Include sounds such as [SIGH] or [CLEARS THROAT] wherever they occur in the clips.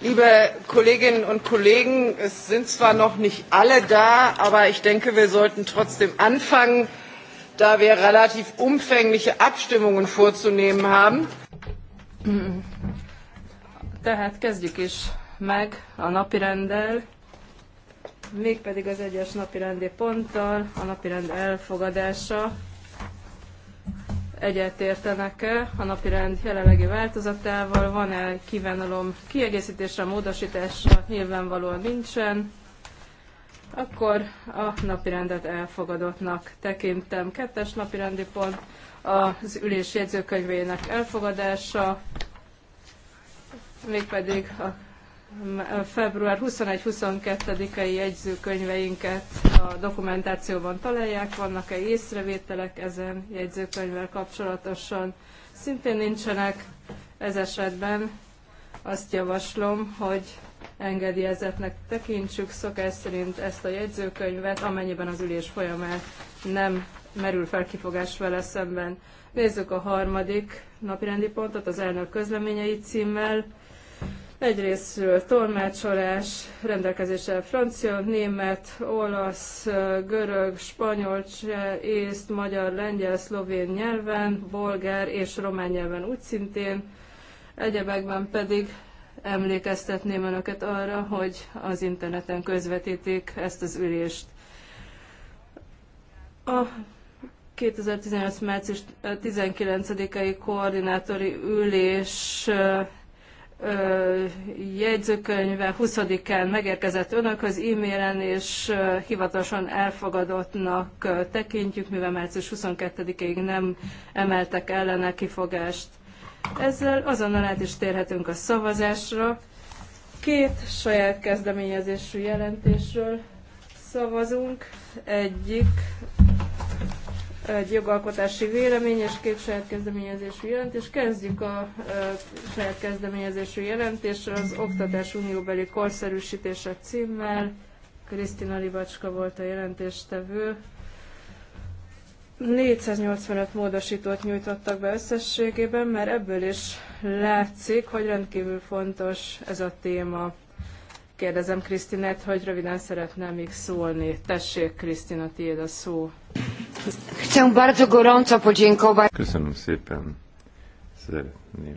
Liebe Kolleginnen und Kollegen, es sind zwar noch nicht alle da, aber ich denke, wir sollten trotzdem anfangen, da wir relativ umfängliche Abstimmungen vorzunehmen haben. Tehát kezdjük is meg a napirenddel, mégpedig az egyes napirendi ponttal, a napirend elfogadása egyetértenek-e a napirend jelenlegi változatával, van-e kívánalom kiegészítésre, módosításra, nyilvánvalóan nincsen. Akkor a napirendet elfogadottnak tekintem. Kettes napirendi pont az ülés jegyzőkönyvének elfogadása, mégpedig a február 21-22-i jegyzőkönyveinket a dokumentációban találják, vannak-e észrevételek ezen jegyzőkönyvvel kapcsolatosan. Szintén nincsenek ez esetben, azt javaslom, hogy engedélyezetnek tekintsük szokás szerint ezt a jegyzőkönyvet, amennyiben az ülés folyamán nem merül fel kifogás vele szemben. Nézzük a harmadik napirendi pontot, az elnök közleményei címmel Egyrésztről tolmácsolás rendelkezésre francia, német, olasz, görög, spanyol, cseh, észt, magyar, lengyel, szlovén nyelven, bolgár és román nyelven úgy szintén. Egyebekben pedig emlékeztetném önöket arra, hogy az interneten közvetítik ezt az ülést. A 2018. március 19-i koordinátori ülés jegyzőkönyve 20-án megérkezett önökhöz e-mailen, és hivatalosan elfogadottnak tekintjük, mivel március 22-ig nem emeltek ellene kifogást. Ezzel azonnal át is térhetünk a szavazásra. Két saját kezdeményezésű jelentésről szavazunk. Egyik egy jogalkotási vélemény és két saját kezdeményezésű jelentés. Kezdjük a e, saját kezdeményezésű jelentésre az Oktatás Unióbeli Korszerűsítése címmel. Krisztina Libacska volt a jelentéstevő. 485 módosítót nyújtottak be összességében, mert ebből is látszik, hogy rendkívül fontos ez a téma. Kérdezem Krisztinát, hogy röviden szeretne még szólni. Tessék, Krisztina, tiéd a szó. Köszönöm szépen. Szeretném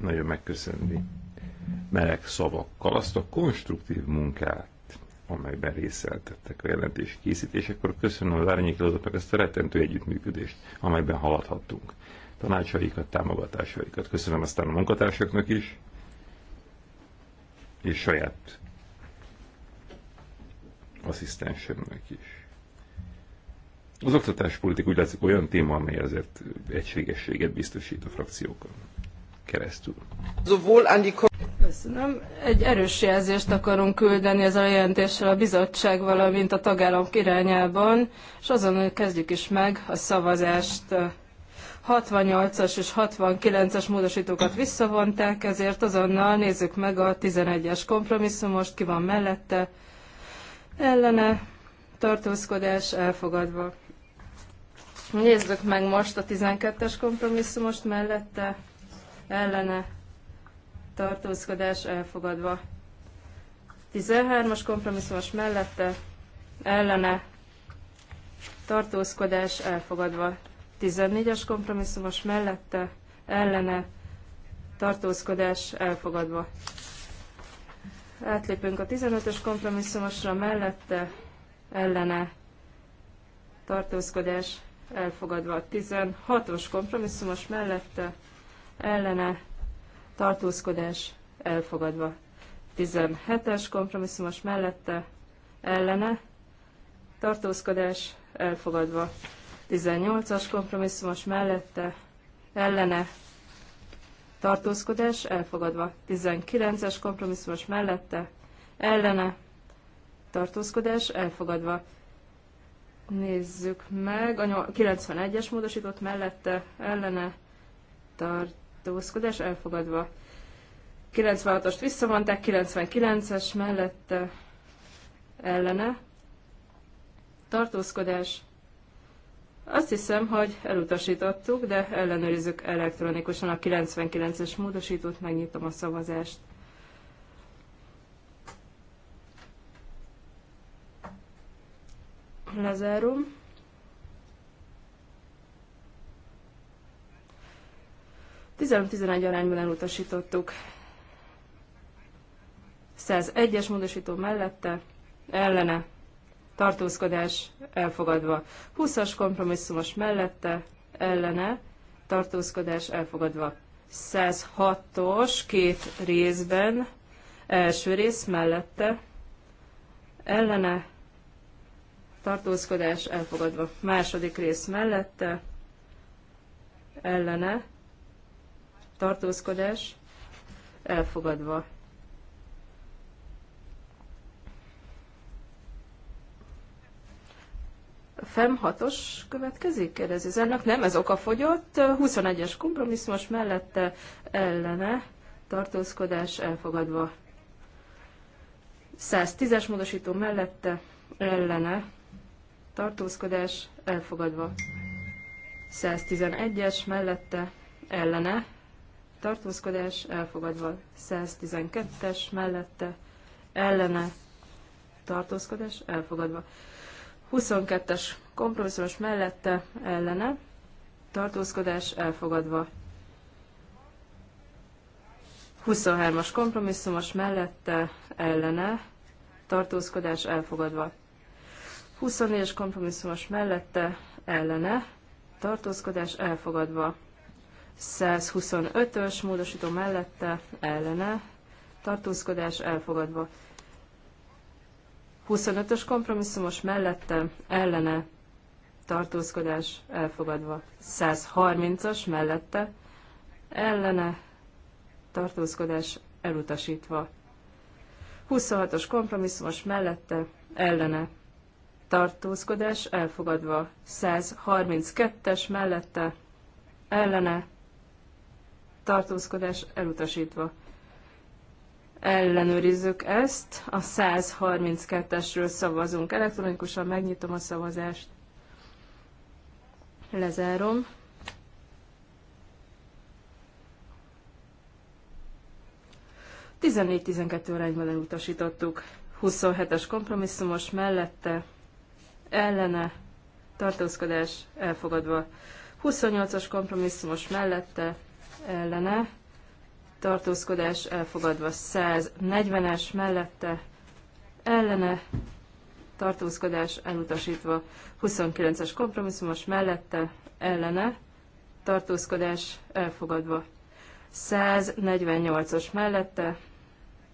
nagyon megköszönni meleg szavakkal azt a konstruktív munkát, amelyben részeltettek a jelentés készítésekor. Köszönöm az árnyékelőzőknek ezt a rettentő együttműködést, amelyben haladhattunk. Tanácsaikat, támogatásaikat. Köszönöm aztán a munkatársaknak is, és saját asszisztensemnek is. Az oktatáspolitik úgy látszik olyan téma, amely azért egységességet biztosít a frakciókon keresztül. Szóval Köszönöm. Egy erős jelzést akarunk küldeni ezzel a jelentéssel a bizottság, valamint a tagállamok irányában, és azon kezdjük is meg a szavazást. 68-as és 69-es módosítókat visszavonták, ezért azonnal nézzük meg a 11-es kompromisszumost, ki van mellette, ellene tartózkodás elfogadva. Nézzük meg most a 12-es kompromisszumost mellette, ellene tartózkodás elfogadva. 13-as kompromisszumos mellette, ellene tartózkodás elfogadva. 14-es kompromisszumos mellette, ellene tartózkodás elfogadva. Átlépünk a 15-ös kompromisszumosra, mellette ellene tartózkodás elfogadva. A 16-os kompromisszumos mellette ellene tartózkodás elfogadva. 17-es kompromisszumos mellette ellene tartózkodás elfogadva. 18-as kompromisszumos mellette ellene tartózkodás elfogadva. 19-es kompromisszumos mellette ellene tartózkodás elfogadva. Nézzük meg, a 91-es módosított mellette ellene tartózkodás elfogadva. 96-ost visszavonták, 99-es mellette ellene tartózkodás azt hiszem, hogy elutasítottuk, de ellenőrizzük elektronikusan a 99-es módosítót, megnyitom a szavazást. Lezárom. Tizenöt-tizenegy arányban elutasítottuk. 101-es módosító mellette, ellene tartózkodás elfogadva. 20-as kompromisszumos mellette, ellene, tartózkodás elfogadva. 106-os két részben, első rész mellette, ellene, tartózkodás elfogadva. Második rész mellette, ellene, tartózkodás elfogadva. FEM 6-os következik? Kérdezi az elnök. Nem, ez okafogyott. 21-es kompromisszumos mellette ellene tartózkodás elfogadva. 110-es módosító mellette ellene tartózkodás elfogadva. 111-es mellette ellene tartózkodás elfogadva. 112-es mellette ellene tartózkodás elfogadva. 22-es kompromisszumos mellette ellene tartózkodás elfogadva. 23-as kompromisszumos mellette ellene tartózkodás elfogadva. 24-es kompromisszumos mellette ellene tartózkodás elfogadva. 125-ös módosító mellette ellene tartózkodás elfogadva. 25-ös kompromisszumos mellette ellene tartózkodás elfogadva. 130-as mellette ellene tartózkodás elutasítva. 26-os kompromisszumos mellette ellene tartózkodás elfogadva. 132-es mellette ellene tartózkodás elutasítva ellenőrizzük ezt. A 132-esről szavazunk elektronikusan, megnyitom a szavazást, lezárom. Tizennégy-tizenkettő arányban elutasítottuk. 27-es kompromisszumos mellette, ellene, tartózkodás elfogadva. 28-as kompromisszumos mellette, ellene, tartózkodás elfogadva 140-es mellette ellene tartózkodás elutasítva 29-es kompromisszumos mellette ellene tartózkodás elfogadva 148-os mellette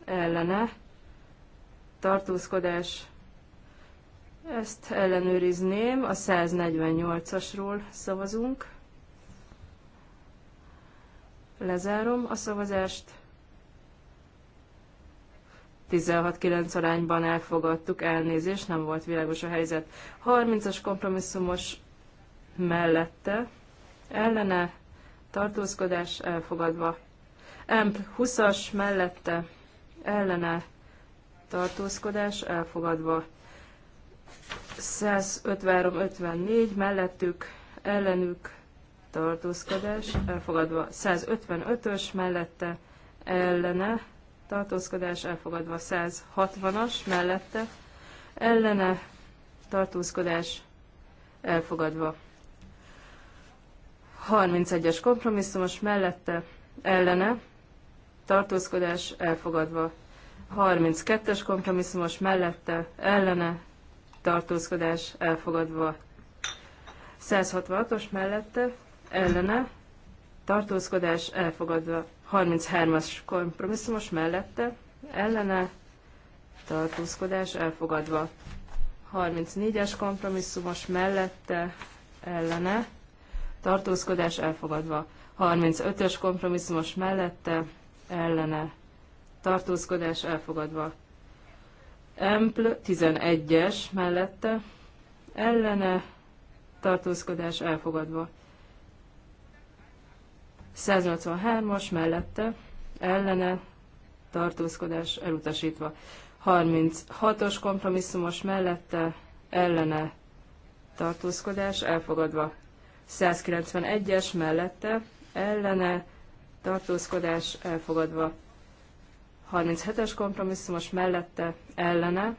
ellene tartózkodás ezt ellenőrizném, a 148-asról szavazunk. Lezárom a szavazást. 16-9 arányban elfogadtuk, elnézést, nem volt világos a helyzet. 30-as kompromisszumos mellette, ellene, tartózkodás elfogadva. Emp 20-as mellette, ellene, tartózkodás elfogadva. 153-54 mellettük, ellenük, tartózkodás elfogadva 155-ös mellette ellene tartózkodás elfogadva 160-as mellette ellene tartózkodás elfogadva 31-es kompromisszumos mellette ellene tartózkodás elfogadva 32-es kompromisszumos mellette ellene tartózkodás elfogadva 166-os mellette ellene, tartózkodás elfogadva. 33-as kompromisszumos mellette, ellene, tartózkodás elfogadva. 34-es kompromisszumos mellette, ellene, tartózkodás elfogadva. 35-ös kompromisszumos mellette, ellene, tartózkodás elfogadva. Empl 11-es mellette, ellene, tartózkodás elfogadva. 183-as mellette ellene tartózkodás elutasítva. 36-os kompromisszumos mellette ellene tartózkodás elfogadva. 191-es mellette ellene tartózkodás elfogadva. 37-es kompromisszumos mellette ellene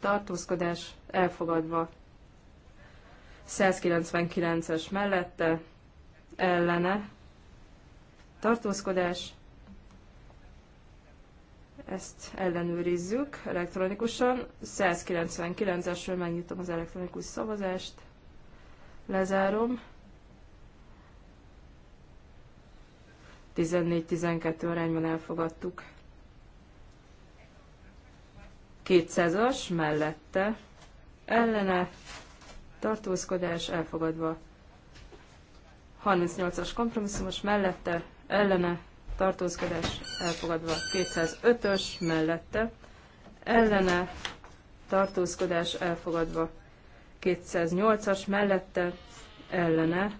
tartózkodás elfogadva. 199-es mellette ellene tartózkodás, ezt ellenőrizzük elektronikusan. 199-esről megnyitom az elektronikus szavazást, lezárom. 14-12 arányban elfogadtuk. 200-as mellette ellene tartózkodás elfogadva. 38-as kompromisszumos mellette ellene tartózkodás elfogadva 205-ös mellette, ellene tartózkodás elfogadva 208-as mellette, ellene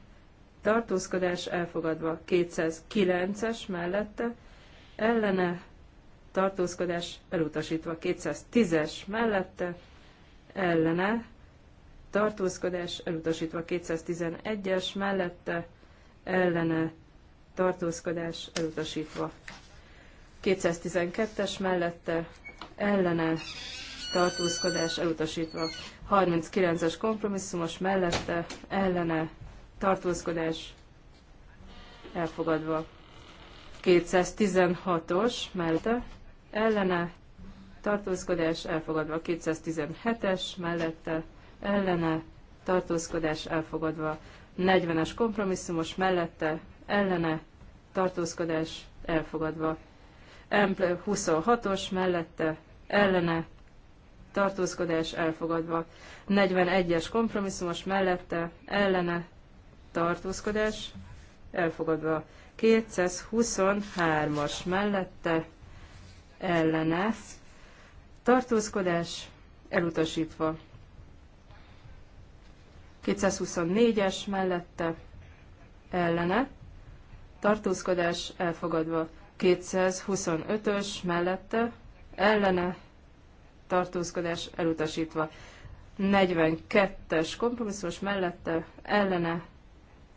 tartózkodás elfogadva 209-es mellette, ellene tartózkodás elutasítva 210-es mellette, ellene tartózkodás elutasítva 211-es mellette, ellene tartózkodás elutasítva. 212-es mellette ellene tartózkodás elutasítva. 39-es kompromisszumos mellette ellene tartózkodás elfogadva. 216-os mellette ellene tartózkodás elfogadva. 217-es mellette ellene tartózkodás elfogadva. 40-es kompromisszumos mellette ellene tartózkodás elfogadva. Empl 26-os mellette ellene tartózkodás elfogadva. 41-es kompromisszumos mellette ellene tartózkodás elfogadva. 223-as mellette ellene tartózkodás elutasítva. 224-es mellette ellene tartózkodás elfogadva. 225-ös mellette ellene tartózkodás elutasítva. 42-es kompromisszumos mellette ellene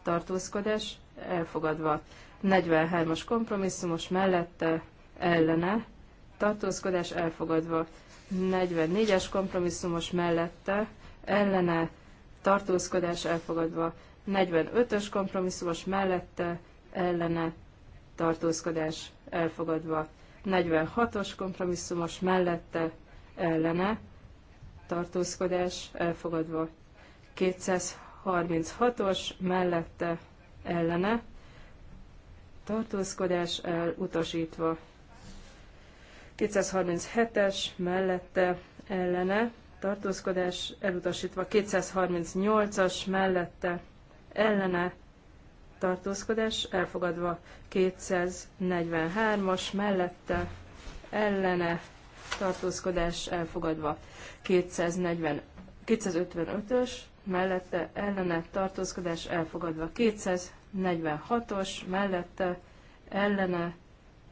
tartózkodás elfogadva. 43-as kompromisszumos mellette ellene tartózkodás elfogadva. 44-es kompromisszumos mellette ellene tartózkodás elfogadva. 45-ös kompromisszumos mellette ellene tartózkodás elfogadva. 46-os kompromisszumos mellette ellene tartózkodás elfogadva. 236-os mellette ellene tartózkodás elutasítva. 237-es mellette ellene tartózkodás elutasítva. 238-as mellette ellene tartózkodás elfogadva 243-as mellette ellene tartózkodás elfogadva 245 255-ös mellette ellene tartózkodás elfogadva 246-os mellette ellene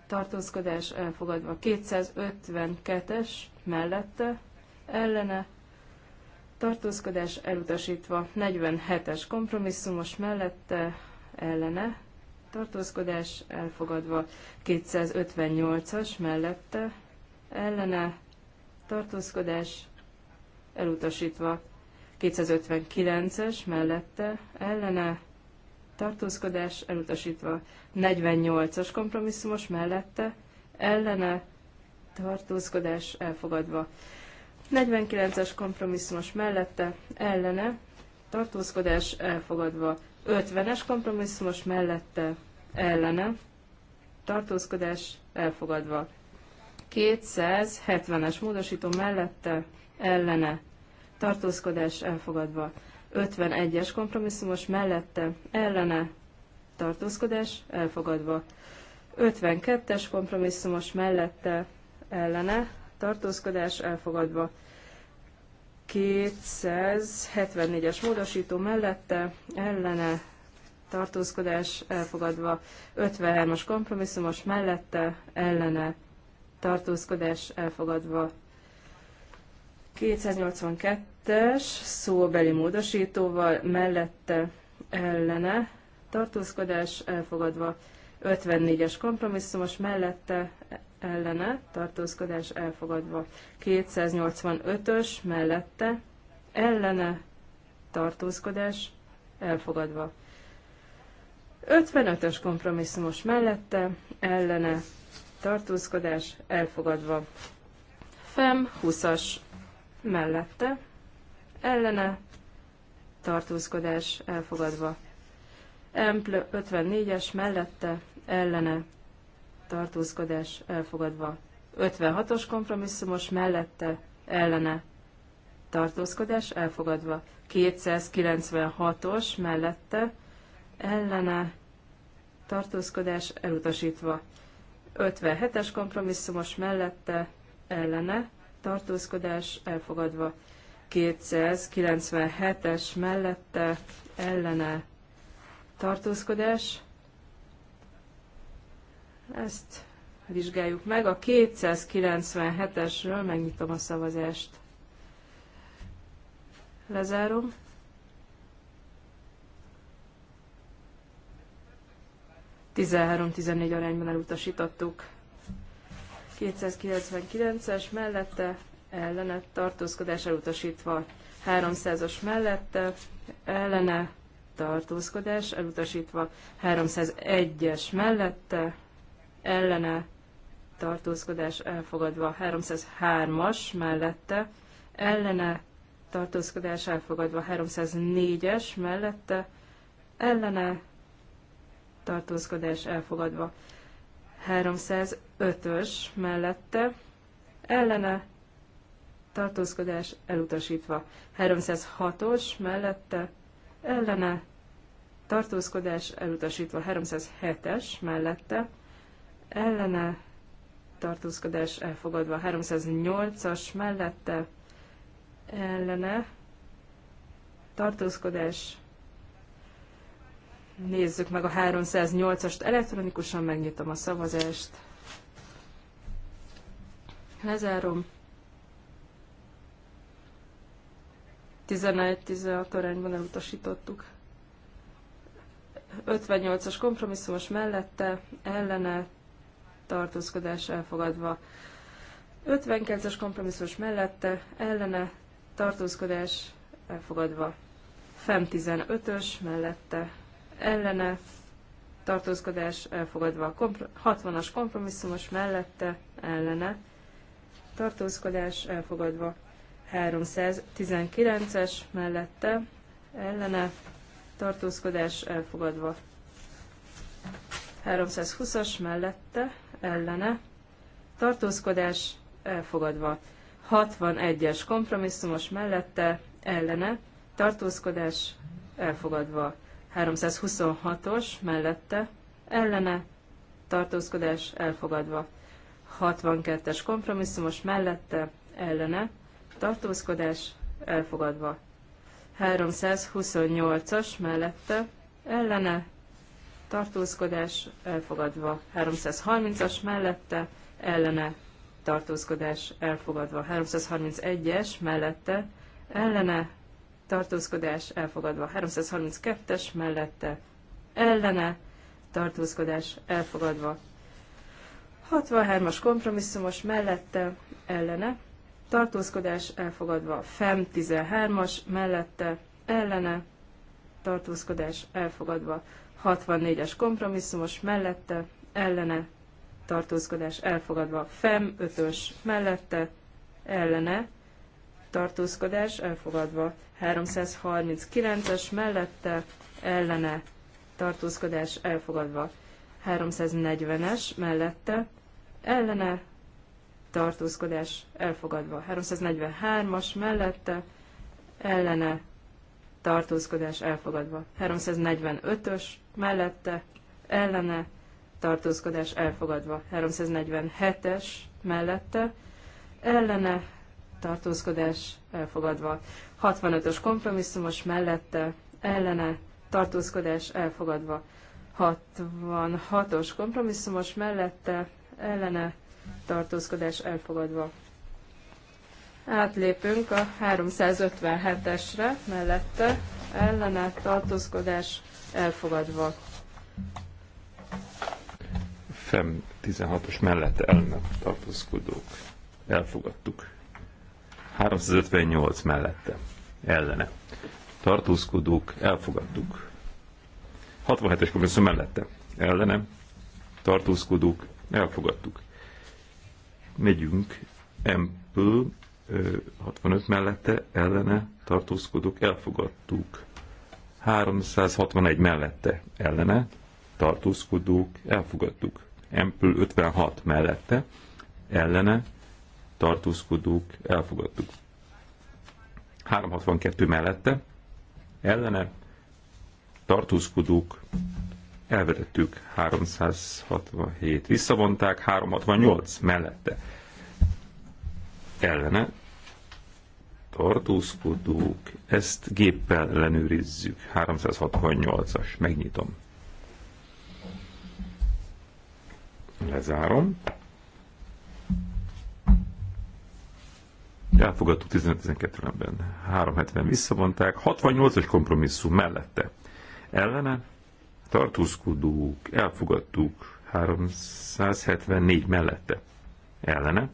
tartózkodás elfogadva 252-es mellette ellene tartózkodás elutasítva 47-es kompromisszumos mellette ellene tartózkodás elfogadva, 258-as mellette ellene tartózkodás elutasítva, 259-es mellette ellene tartózkodás elutasítva, 48-as kompromisszumos mellette ellene tartózkodás elfogadva. 49-es kompromisszumos mellette ellene tartózkodás elfogadva. 50-es kompromisszumos mellette ellene tartózkodás elfogadva. 270-es módosító mellette ellene tartózkodás elfogadva. 51-es kompromisszumos mellette ellene tartózkodás elfogadva. 52-es kompromisszumos mellette ellene tartózkodás elfogadva. 274-es módosító mellette ellene tartózkodás elfogadva, 53-as kompromisszumos mellette ellene tartózkodás elfogadva, 282-es szóbeli módosítóval mellette ellene tartózkodás elfogadva, 54-es kompromisszumos mellette ellene, tartózkodás elfogadva. 285-ös mellette, ellene, tartózkodás elfogadva. 55-ös kompromisszumos mellette, ellene, tartózkodás elfogadva. FEM 20-as mellette, ellene, tartózkodás elfogadva. EMPL 54-es mellette, ellene, tartózkodás elfogadva. 56-os kompromisszumos mellette ellene tartózkodás elfogadva. 296-os mellette ellene tartózkodás elutasítva. 57-es kompromisszumos mellette ellene tartózkodás elfogadva. 297-es mellette ellene tartózkodás ezt vizsgáljuk meg. A 297-esről megnyitom a szavazást. Lezárom. Tizenhárom, tizennégy arányban elutasítottuk. 299-es mellette ellene tartózkodás elutasítva. 300-as mellette ellene tartózkodás elutasítva. 301-es mellette ellene tartózkodás elfogadva 303-as mellette, ellene tartózkodás elfogadva 304-es mellette, ellene tartózkodás elfogadva 305-ös mellette, ellene tartózkodás elutasítva 306-os mellette, ellene tartózkodás elutasítva 307-es mellette, ellene tartózkodás elfogadva. 308-as mellette ellene tartózkodás. Nézzük meg a 308-ast elektronikusan, megnyitom a szavazást. Lezárom. 11-16 arányban elutasítottuk. 58-as kompromisszumos mellette, ellene tartózkodás elfogadva. 59-es kompromisszus mellette ellene tartózkodás elfogadva. FEM 15-ös mellette ellene tartózkodás elfogadva. 60-as kompromisszumos mellette ellene tartózkodás elfogadva. 319-es mellette ellene tartózkodás elfogadva. 320-as mellette ellene, tartózkodás elfogadva. 61-es kompromisszumos mellette, ellene, tartózkodás elfogadva. 326-os mellette, ellene, tartózkodás elfogadva. 62-es kompromisszumos mellette, ellene, tartózkodás elfogadva. 328-as mellette, ellene, tartózkodás elfogadva 330-as mellette, ellene tartózkodás elfogadva 331-es mellette, ellene tartózkodás elfogadva 332-es mellette, ellene tartózkodás elfogadva 63-as kompromisszumos mellette, ellene tartózkodás elfogadva FEM 13-as mellette, ellene tartózkodás elfogadva 64-es kompromisszumos mellette, ellene tartózkodás elfogadva. FEM 5-ös mellette, ellene tartózkodás elfogadva. 339-es mellette, ellene tartózkodás elfogadva. 340-es mellette, ellene tartózkodás elfogadva. 343-as mellette, ellene tartózkodás elfogadva. 345-ös mellette ellene tartózkodás elfogadva. 347-es mellette ellene tartózkodás elfogadva. 65-ös kompromisszumos mellette ellene tartózkodás elfogadva. 66-os kompromisszumos mellette ellene tartózkodás elfogadva. Átlépünk a 357-esre, mellette ellene tartózkodás elfogadva. FEM 16-os mellette ellene tartózkodók elfogadtuk. 358 mellette ellene tartózkodók elfogadtuk. 67-es kompromisszum mellette ellene tartózkodók elfogadtuk. Megyünk Ample 65 mellette ellene tartózkodók elfogadtuk. 361 mellette ellene tartózkodók elfogadtuk. Empül 56 mellette ellene tartózkodók elfogadtuk. 362 mellette ellene tartózkodók elvetettük 367, visszavonták 368 mellette ellene tartózkodók, ezt géppel ellenőrizzük. 368-as, megnyitom. Lezárom. Elfogadtuk 15-12 ben 370 visszavonták, 68-as kompromisszum mellette. Ellene tartózkodók, elfogadtuk 374 mellette. Ellene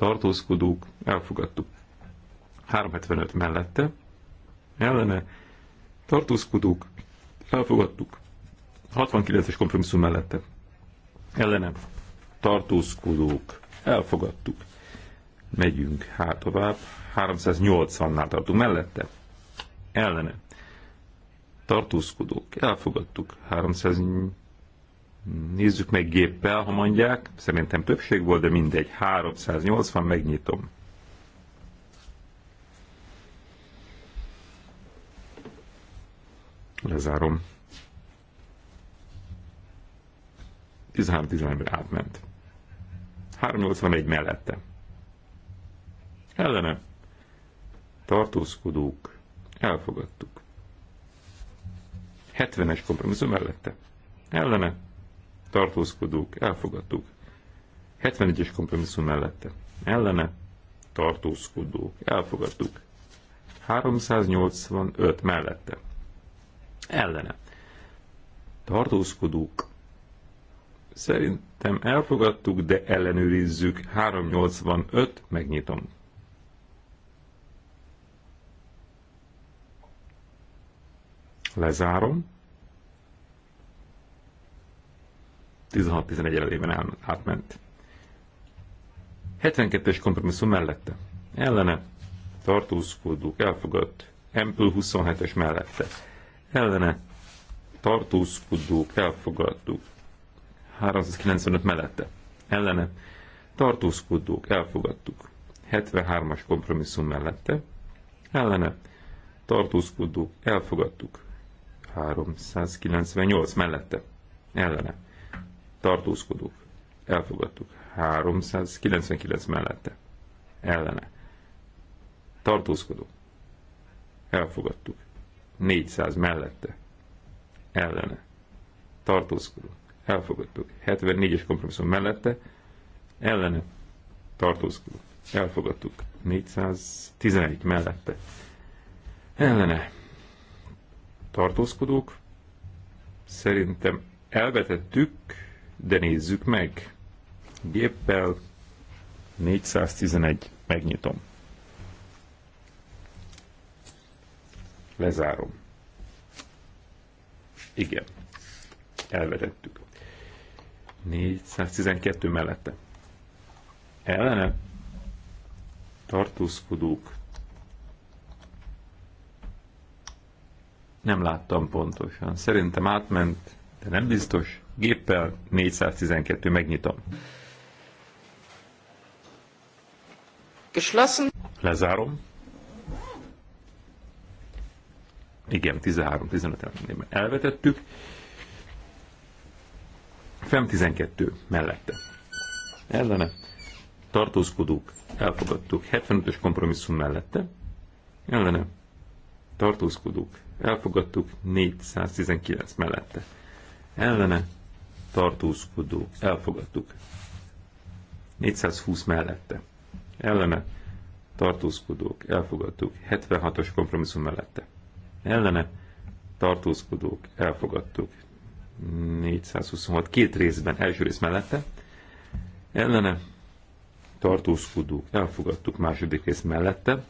tartózkodók, elfogadtuk. 375 mellette, ellene, tartózkodók, elfogadtuk. 69-es kompromisszum mellette, ellene, tartózkodók, elfogadtuk. Megyünk hát tovább, 380-nál tartunk mellette, ellene, tartózkodók, elfogadtuk. 380 Nézzük meg géppel, ha mondják. Szerintem többség volt, de mindegy. 380, megnyitom. Lezárom. 13-11-re átment. 381 mellette. Ellene. Tartózkodók. Elfogadtuk. 70-es kompromisszum mellette. Ellene tartózkodók, elfogadtuk. 71-es kompromisszum mellette, ellene, tartózkodók, elfogadtuk. 385 mellette, ellene, tartózkodók, szerintem elfogadtuk, de ellenőrizzük. 385, megnyitom. Lezárom. 16-11 elében átment. 72-es kompromisszum mellette. Ellene tartózkodók elfogadt. Ample 27-es mellette. Ellene tartózkodók elfogadtuk. 395 mellette. Ellene tartózkodók elfogadtuk. 73-as kompromisszum mellette. Ellene tartózkodók elfogadtuk. 398 mellette. Ellene tartózkodók, elfogadtuk. 399 mellette, ellene, tartózkodók, elfogadtuk. 400 mellette, ellene, tartózkodók, elfogadtuk. 74-es kompromisszum mellette, ellene, tartózkodók, elfogadtuk. 411 mellette, ellene, tartózkodók, szerintem elvetettük, de nézzük meg. Géppel 411, megnyitom. Lezárom. Igen, elvetettük. 412 mellette. Ellene tartózkodók. Nem láttam pontosan. Szerintem átment, de nem biztos géppel 412 megnyitom. Geschlossen. Lezárom. Igen, 13-15 elvetettük. Fem 12 mellette. Ellene tartózkodók elfogadtuk 75-ös kompromisszum mellette. Ellene tartózkodók elfogadtuk 419 mellette. Ellene tartózkodó, elfogadtuk. 420 mellette, ellene, tartózkodók, elfogadtuk. 76-os kompromisszum mellette, ellene, tartózkodók, elfogadtuk. 426 két részben, első rész mellette, ellene, tartózkodók, elfogadtuk második rész mellette,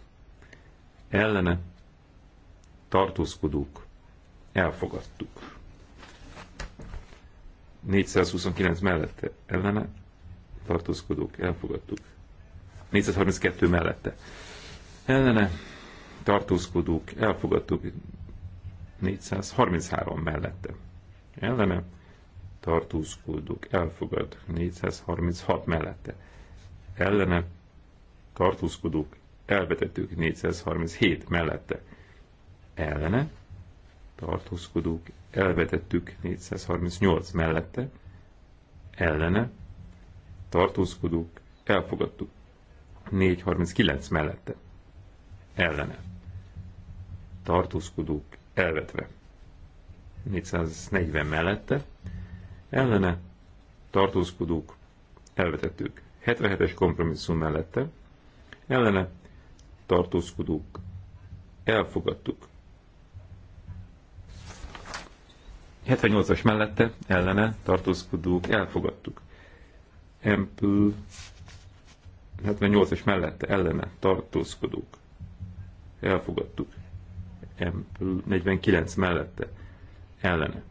ellene, tartózkodók, elfogadtuk. 429 mellette ellene tartózkodók elfogadtuk. 432 mellette ellene tartózkodók elfogadtuk. 433 mellette ellene tartózkodók elfogad. 436 mellette ellene tartózkodók elvetettük. 437 mellette ellene tartózkodók elvetettük 438 mellette, ellene tartózkodók elfogadtuk 439 mellette, ellene tartózkodók elvetve 440 mellette, ellene tartózkodók elvetettük 77-es kompromisszum mellette, ellene tartózkodók elfogadtuk 78-as mellette ellene tartózkodók elfogadtuk. Ample 78-as mellette ellene tartózkodók elfogadtuk. Ample 49 mellette ellene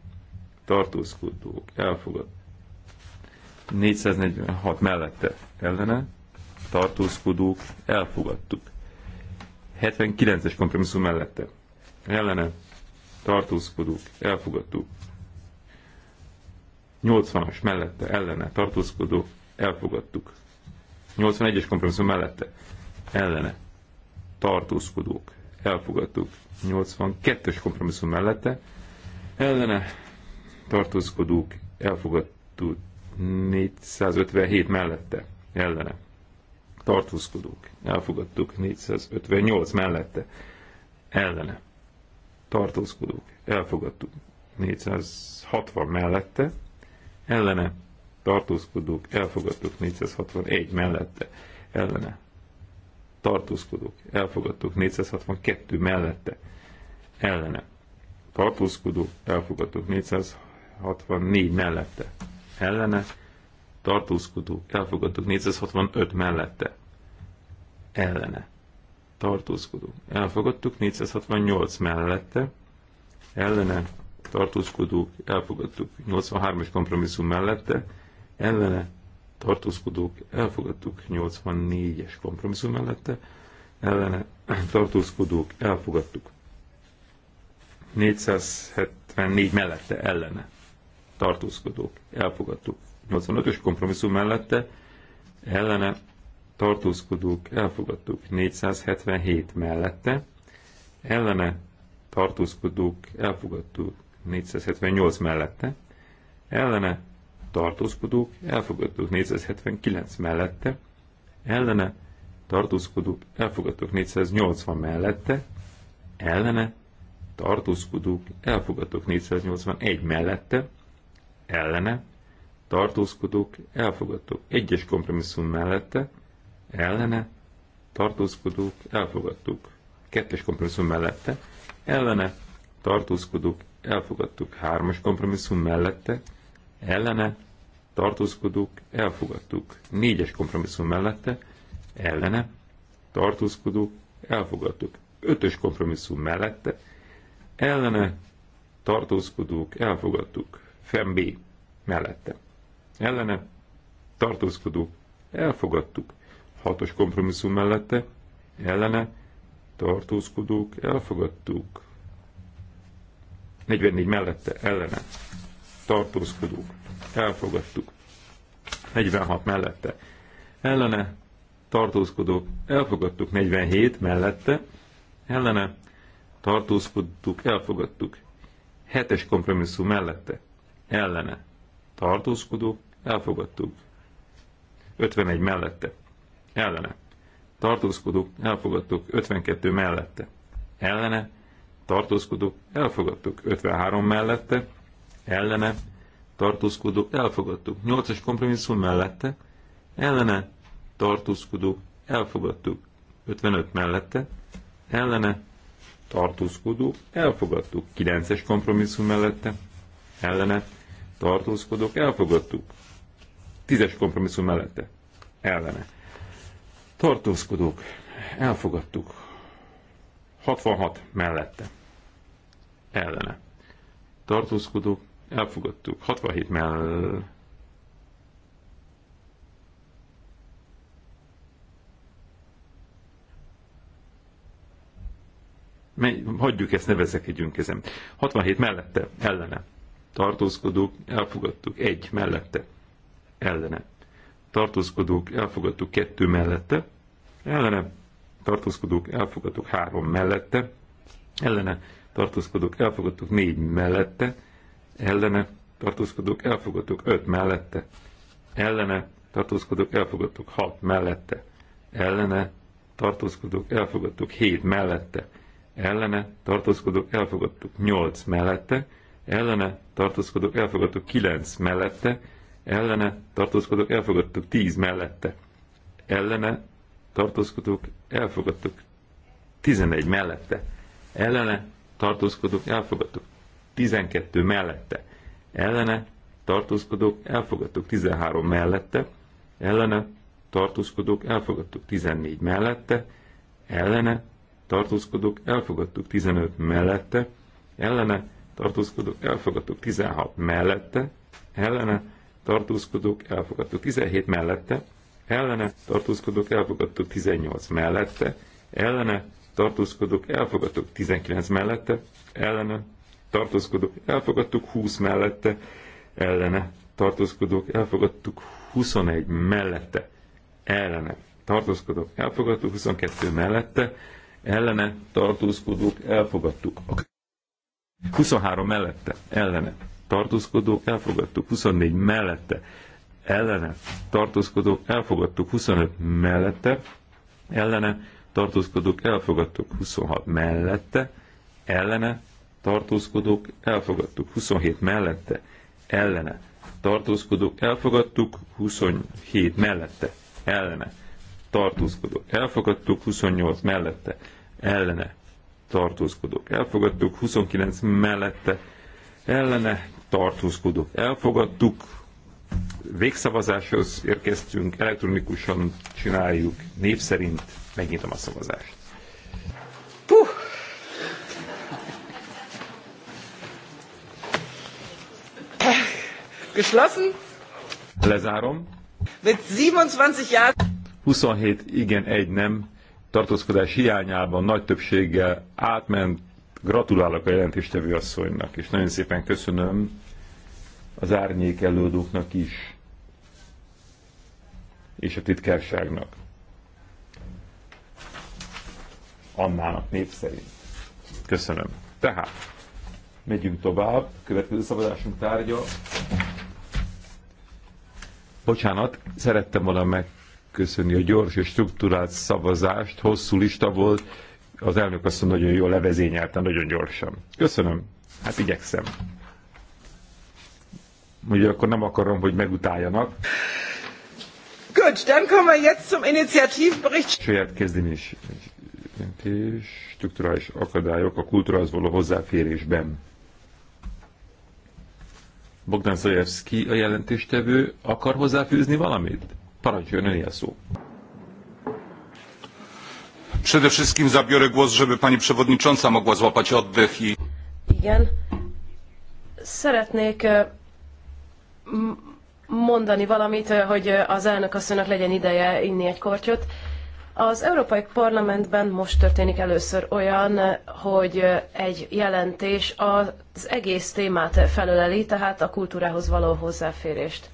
tartózkodók elfogadtuk. 446 mellette ellene tartózkodók elfogadtuk. 79-es kompromisszum mellette ellene tartózkodók, elfogadtuk. 80-as mellette, ellene, tartózkodók, elfogadtuk. 81-es kompromisszum mellette, ellene, tartózkodók, elfogadtuk. 82-es kompromisszum mellette, ellene, tartózkodók, elfogadtuk. 457 mellette, ellene, tartózkodók, elfogadtuk. 458 mellette, ellene tartózkodók, elfogadtuk. 460 mellette, ellene tartózkodók, elfogadtuk. 461 mellette, ellene tartózkodók, elfogadtuk. 462 mellette, ellene tartózkodók, elfogadtuk. 464 mellette, ellene tartózkodók, elfogadtuk. 465 mellette, ellene tartózkodó. Elfogadtuk 468 mellette, ellene tartózkodók, elfogadtuk 83-as kompromisszum mellette, ellene tartózkodók, elfogadtuk 84-es kompromisszum [CLEARS THROAT] mellette, ellene tartózkodók, elfogadtuk 474 mellette, ellene tartózkodók, elfogadtuk 85-ös kompromisszum mellette, ellene tartózkodók elfogadtuk 477 mellette, ellene tartózkodók elfogadtuk 478 mellette, ellene tartózkodók elfogadtuk 479 mellette, ellene tartózkodók elfogadtuk 480 mellette, ellene tartózkodók elfogadtuk 481 mellette, ellene tartózkodók elfogadtuk egyes kompromisszum mellette, ellene, tartózkodók, elfogadtuk. Kettes kompromisszum mellette, ellene, tartózkodók, elfogadtuk. Hármas kompromisszum mellette, ellene, tartózkodók, elfogadtuk. Négyes kompromisszum mellette, ellene, tartózkodók, elfogadtuk. Ötös kompromisszum mellette, ellene, tartózkodók, elfogadtuk. Fem B mellette. Ellene, tartózkodók, elfogadtuk hatos kompromisszum mellette, ellene, tartózkodók, elfogadtuk. 44 mellette, ellene, tartózkodók, elfogadtuk. 46 mellette, ellene, tartózkodók, elfogadtuk. 47 mellette, ellene, tartózkodtuk, elfogadtuk. 7-es kompromisszum mellette, ellene, tartózkodók, elfogadtuk. 51 mellette, ellene, tartózkodók, elfogadtuk 52 mellette, ellene, tartózkodók, elfogadtuk 53 mellette, ellene, tartózkodók, elfogadtuk 8-as kompromisszum mellette, ellene, tartózkodók, elfogadtuk 55 mellette, ellene, tartózkodók, elfogadtuk 9-es kompromisszum mellette, ellene, tartózkodók, elfogadtuk 10-es kompromisszum mellette, ellene Tartózkodók. Elfogadtuk. 66 mellette. Ellene. Tartózkodók. Elfogadtuk. 67 mell... Menj, hagyjuk ezt, ne vezekedjünk ezen. 67 mellette, ellene. Tartózkodók, elfogadtuk. Egy mellette, ellene tartózkodók elfogadtuk kettő mellette, ellene tartózkodók elfogadtuk három mellette, ellene tartózkodók elfogadtuk négy mellette, ellene tartózkodók elfogadtuk öt mellette, ellene tartózkodók elfogadtuk hat mellette, ellene tartózkodók elfogadtuk hét mellette, ellene tartózkodók elfogadtuk nyolc mellette, ellene tartózkodók elfogadtuk kilenc mellette, ellene tartózkodók elfogadtuk, tíz mellette ellene tartózkodók elfogadtuk, tizenegy mellette ellene tartózkodók elfogadtuk, tizenkettő mellette ellene tartózkodók elfogadtuk, tizenhárom mellette ellene tartózkodók elfogadtuk, tizennégy mellette ellene tartózkodók elfogadtuk, tizenöt mellette ellene tartózkodók elfogadtuk, tizenhat mellette ellene tartózkodók elfogadtuk 17 mellette, ellene tartózkodók elfogadtuk 18 mellette, ellene tartózkodók elfogadtuk 19 mellette, ellene tartózkodók elfogadtuk 20 mellette, ellene tartózkodók elfogadtuk 21 mellette, ellene tartózkodók elfogadtuk 22 mellette, ellene tartózkodók elfogadtuk 23 mellette, ellene tartózkodók elfogadtuk, 24 mellette ellene tartózkodók elfogadtuk, 25 mellette ellene tartózkodók elfogadtuk, 26 mellette ellene tartózkodók elfogadtuk, 27 mellette ellene tartózkodók elfogadtuk, 27 mellette ellene tartózkodók elfogadtuk, 28 mellette ellene tartózkodók elfogadtuk, 29 mellette ellene tartózkodók elfogadtuk, végszavazáshoz érkeztünk, elektronikusan csináljuk, név szerint megnyitom a szavazást. Puh! Geschlossen. Lezárom. Mit 27 jár... 27 igen, egy nem tartózkodás hiányában nagy többséggel átment Gratulálok a jelentéstevő asszonynak, és nagyon szépen köszönöm az árnyék előadóknak is, és a titkárságnak. Annának név szerint. Köszönöm. Tehát, megyünk tovább. Következő szabadásunk tárgya. Bocsánat, szerettem volna megköszönni a gyors és struktúrált szavazást. Hosszú lista volt, az elnök azt nagyon jól levezényelte, nagyon gyorsan. Köszönöm. Hát igyekszem. Ugye akkor nem akarom, hogy megutáljanak. Gut, dann kommen wir jetzt zum Initiativbericht. Saját kezdeményes strukturális akadályok a kultúrához való hozzáférésben. Bogdan Zajewski a jelentéstevő akar hozzáfűzni valamit? Parancsoljon öné a szó. Przede wszystkim zabiorę głos, żeby pani przewodnicząca mogła złapać oddech i... Igen. Szeretnék e, mondani valamit, e, hogy e, az elnök asszonynak legyen ideje inni egy kortyot. Az Európai Parlamentben most történik először olyan, hogy egy jelentés az egész témát felöleli, tehát a kultúrához való hozzáférést.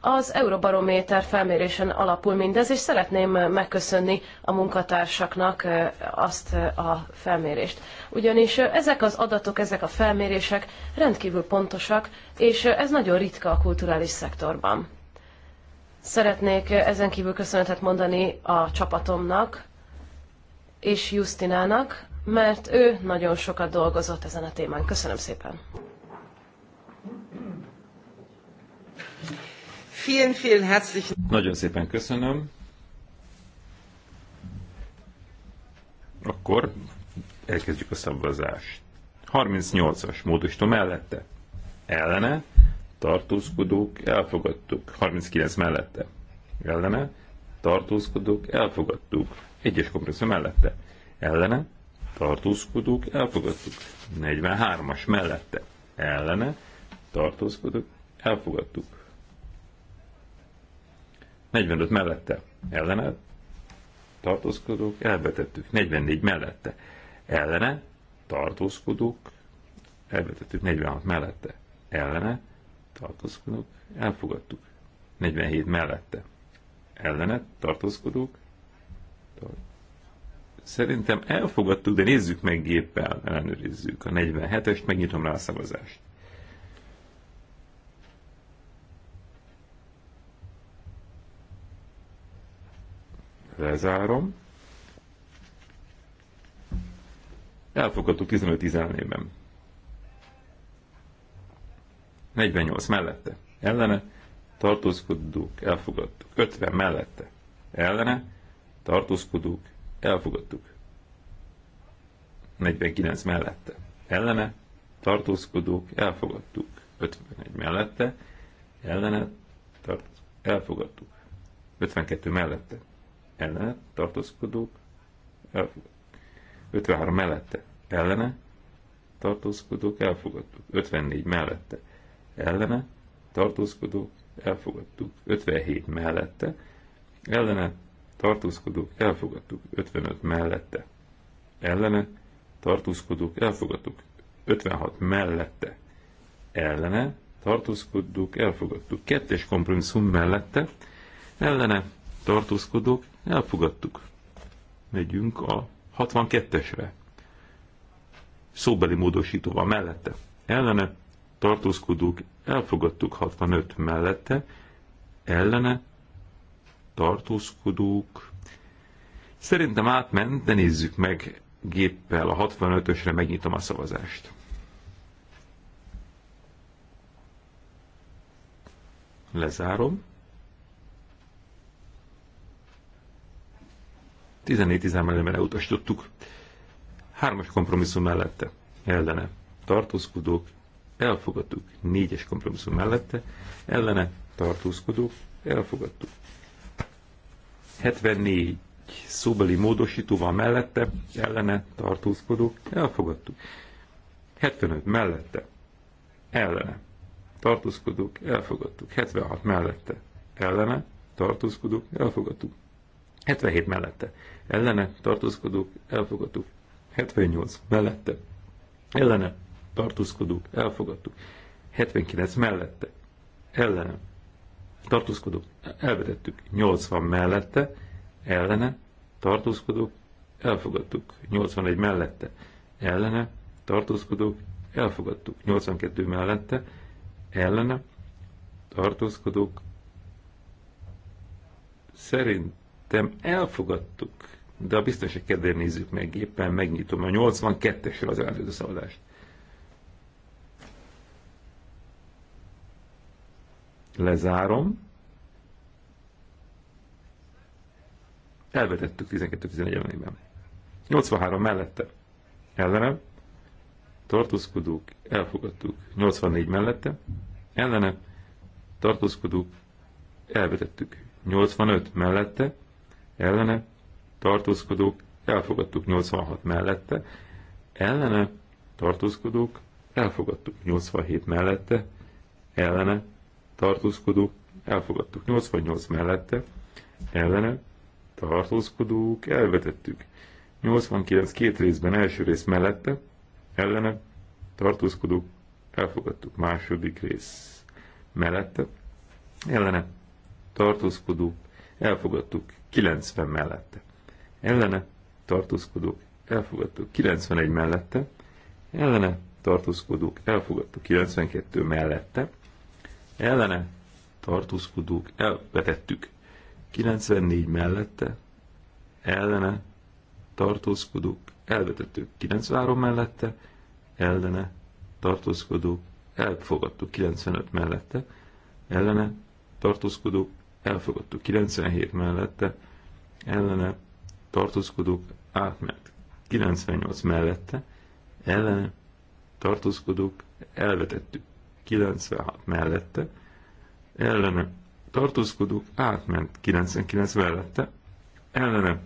Az Euróbarométer felmérésen alapul mindez, és szeretném megköszönni a munkatársaknak azt a felmérést. Ugyanis ezek az adatok, ezek a felmérések rendkívül pontosak, és ez nagyon ritka a kulturális szektorban. Szeretnék ezen kívül köszönetet mondani a csapatomnak és Justinának, mert ő nagyon sokat dolgozott ezen a témán. Köszönöm szépen! Vielen, vielen herzlichen Nagyon szépen köszönöm. Akkor elkezdjük a szavazást. 38-as módosító mellette. Ellene. Tartózkodók elfogadtuk. 39 mellette. Ellene. Tartózkodók elfogadtuk. Egyes kompresszor mellette. Ellene. Tartózkodók elfogadtuk. 43-as mellette. Ellene. Tartózkodók elfogadtuk. 45 mellette ellene tartózkodók, elvetettük 44 mellette ellene tartózkodók, elvetettük 46 mellette ellene tartózkodók, elfogadtuk 47 mellette ellene tartózkodók. Szerintem elfogadtuk, de nézzük meg géppel, ellenőrizzük a 47-est, megnyitom rá a szavazást. Lezárom. Elfogadtuk 15-14-ben. 48 mellette. Ellene. Tartózkodók. Elfogadtuk. 50 mellette. Ellene. Tartózkodók. Elfogadtuk. 49 mellette. Ellene. Tartózkodók. Elfogadtuk. 51 mellette. Ellene. Tart, elfogadtuk. 52 mellette ellene tartózkodók, 53 mellette ellene tartózkodók, elfogadtuk. 54 mellette ellene tartózkodók, elfogadtuk. 57 mellette ellene tartózkodók, elfogadtuk. 55 mellette ellene tartózkodók, elfogadtuk. 56 mellette ellene tartózkodók, elfogadtuk. Kettes kompromisszum mellette ellene tartózkodók, Elfogadtuk. Megyünk a 62-esre. Szóbeli módosítóval mellette. Ellene tartózkodók elfogadtuk 65 mellette. Ellene tartózkodók. Szerintem átment, de nézzük meg géppel a 65-ösre megnyitom a szavazást. Lezárom. 14-13 ellenben elutasítottuk. Hármas kompromisszum mellette, ellene, tartózkodók, elfogadtuk. Négyes kompromisszum mellette, ellene, tartózkodók, elfogadtuk. 74 szóbeli módosító van mellette, ellene, tartózkodók, elfogadtuk. 75 mellette, ellene, tartózkodók, elfogadtuk. 76 mellette, ellene, tartózkodók, elfogadtuk. 77 mellette. Ellene tartózkodók elfogadtuk. 78 mellette. Ellene tartózkodók elfogadtuk. 79 mellette. Ellene tartózkodók elvetettük. 80 mellette. Ellene tartózkodók elfogadtuk. 81 mellette. Ellene tartózkodók elfogadtuk. 82 mellette. Ellene tartózkodók szerint szerintem elfogadtuk, de a biztonság kedvéért nézzük meg, éppen megnyitom a 82-esre az előző szavazást. Lezárom. Elvetettük 12-11 emlékben. 83 mellette. Ellenem. Tartózkodók. Elfogadtuk. 84 mellette. Ellenem. Tartózkodók. Elvetettük. 85 mellette ellene tartózkodók elfogadtuk 86 mellette, ellene tartózkodók elfogadtuk 87 mellette, ellene tartózkodók elfogadtuk 88 mellette, ellene tartózkodók elvetettük 89 két részben első rész mellette, ellene tartózkodók elfogadtuk második rész mellette, ellene tartózkodók elfogadtuk 90 mellette. Ellene tartózkodók elfogadtuk 91 mellette, ellene tartózkodók elfogadtuk 92 mellette, ellene tartózkodók elvetettük 94 mellette, ellene tartózkodók elvetettük 93 mellette, ellene tartózkodók elfogadtuk 95 mellette, ellene tartózkodók elfogadtuk 97 mellette, ellene tartózkodók átment 98 mellette, ellene tartózkodók elvetettük 96 mellette, ellene tartózkodók átment 99 mellette, ellene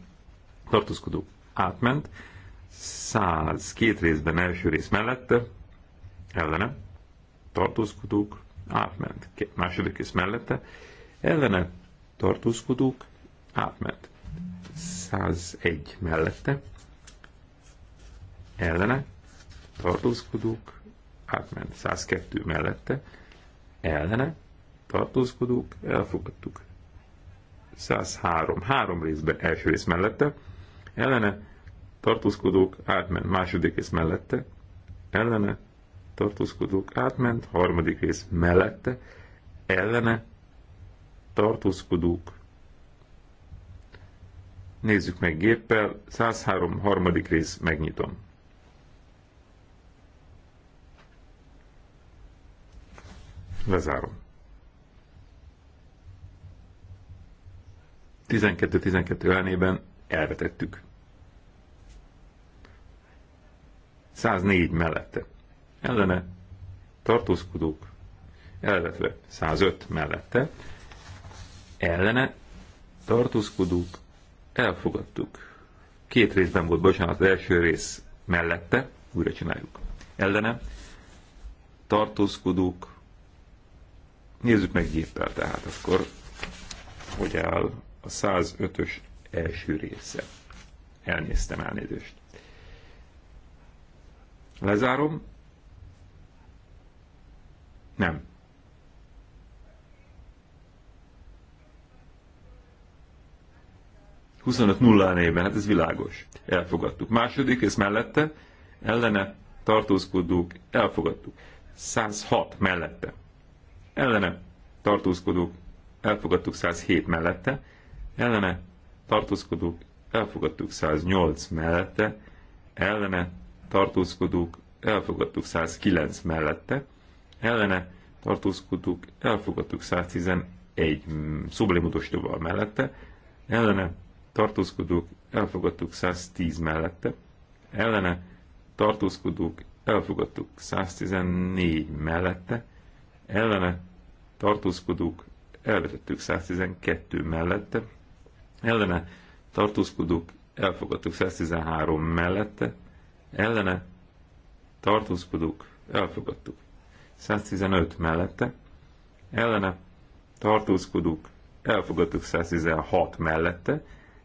tartózkodók átment 100 két részben első rész mellette, ellene tartózkodók átment második rész mellette, ellene tartózkodók átment. 101 mellette ellene tartózkodók átment. 102 mellette ellene tartózkodók elfogadtuk. 103 három részben első rész mellette ellene tartózkodók átment. Második rész mellette ellene tartózkodók átment. Harmadik rész mellette ellene tartózkodók. Nézzük meg géppel, 103. harmadik rész megnyitom. Lezárom. 12-12 elnében elvetettük. 104 mellette. Ellene tartózkodók elvetve 105 mellette ellene tartózkodók, elfogadtuk. Két részben volt, bocsánat, az első rész mellette, újra csináljuk. Ellene tartózkodók, nézzük meg géppel tehát akkor, hogy áll a 105-ös első része. Elnéztem elnézést. Lezárom. Nem. 25 0 néven, hát ez világos. Elfogadtuk. Második ez mellette, ellene tartózkodók, elfogadtuk. 106 mellette. Ellene tartózkodók, elfogadtuk 107 mellette. Ellene tartózkodók, elfogadtuk 108 mellette. Ellene tartózkodók, elfogadtuk 109 mellette. Ellene tartózkodók, elfogadtuk 111 mm, szublimutostóval mellette. Ellene tartózkodók elfogadtuk 110 mellette, ellene tartózkodók elfogadtuk 114 mellette, ellene tartózkodók elvetettük 112 mellette, ellene tartózkodók elfogadtuk 113 mellette, ellene tartózkodók elfogadtuk 115 mellette, ellene tartózkodók elfogadtuk 116 mellette,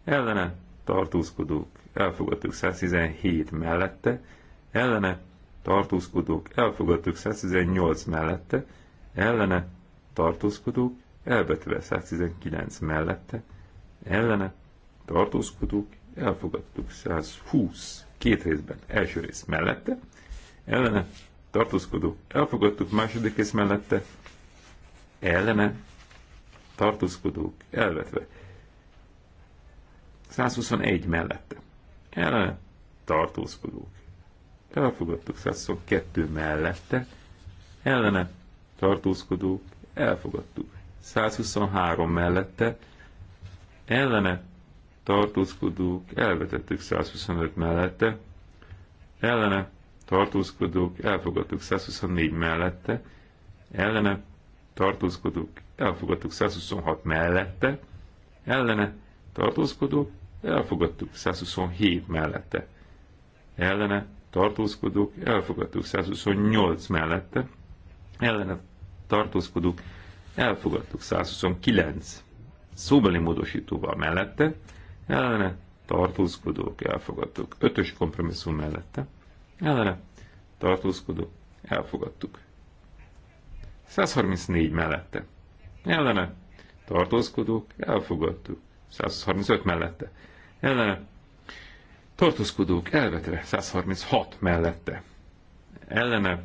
ellene tartózkodók elfogadtuk 117 mellette, ellene tartózkodók elfogadtuk 118 mellette, ellene tartózkodók elvetve 119 mellette, ellene tartózkodók elfogadtuk 120 két részben első rész mellette, ellene tartózkodók elfogadtuk második rész mellette, ellene tartózkodók elvetve 121 mellette. Ellene tartózkodók. Elfogadtuk 122 mellette. Ellene tartózkodók. Elfogadtuk. 123 mellette. Ellene tartózkodók. Elvetettük 125 mellette. Ellene tartózkodók. Elfogadtuk 124 mellette. Ellene tartózkodók. Elfogadtuk 126 mellette. Ellene tartózkodók, elfogadtuk 127 mellette. Ellene tartózkodók, elfogadtuk 128 mellette. Ellene tartózkodók, elfogadtuk 129 szóbeli módosítóval mellette. Ellene tartózkodók, elfogadtuk 5-ös kompromisszum mellette. Ellene tartózkodók, elfogadtuk. 134 mellette. Ellene tartózkodók, elfogadtuk. 135 mellette. Ellene tartózkodók elvetve 136 mellette. Ellene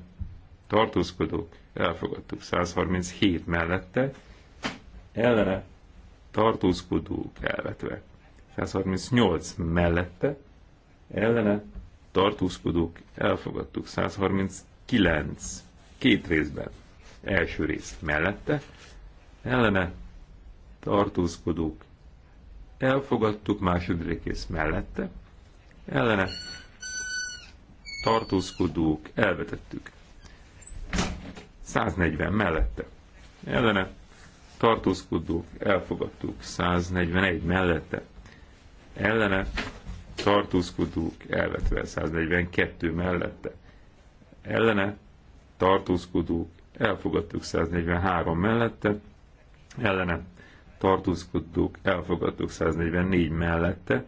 tartózkodók elfogadtuk 137 mellette. Ellene tartózkodók elvetve 138 mellette. Ellene tartózkodók elfogadtuk 139 két részben. Első rész mellette. Ellene tartózkodók elfogadtuk második rész mellette, ellene tartózkodók elvetettük. 140 mellette, ellene tartózkodók elfogadtuk. 141 mellette, ellene tartózkodók elvetve. 142 mellette, ellene tartózkodók elfogadtuk. 143 mellette, ellene tartózkodók elfogadtuk 144 mellette,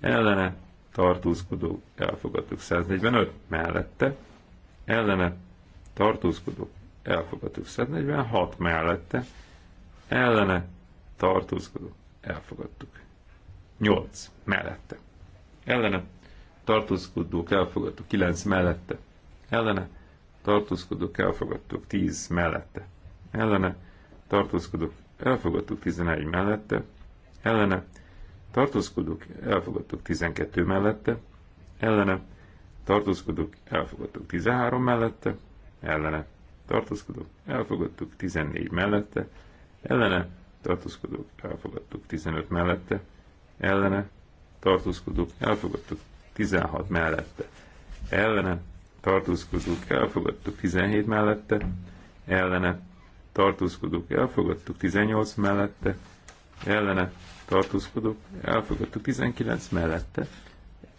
ellene tartózkodók elfogadtuk 145 mellette, ellene tartózkodók elfogadtuk 146 mellette, ellene tartózkodók elfogadtuk 8 mellette, ellene tartózkodók elfogadtuk 9 mellette, ellene tartózkodók elfogadtuk 10 mellette, ellene tartózkodók elfogadtuk 11 mellette, ellene, tartózkodók, elfogadtuk 12 mellette, ellene, tartózkodók, elfogadtuk 13 mellette, ellene, tartózkodók, elfogadtuk 14 mellette, ellene, tartózkodók, elfogadtuk 15 mellette, ellene, tartózkodók, elfogadtuk 16 mellette, ellene, tartózkodók, elfogadtuk 17 mellette, ellene, tartózkodók elfogadtuk, 18 mellette, ellene tartózkodók elfogadtuk, 19 mellette,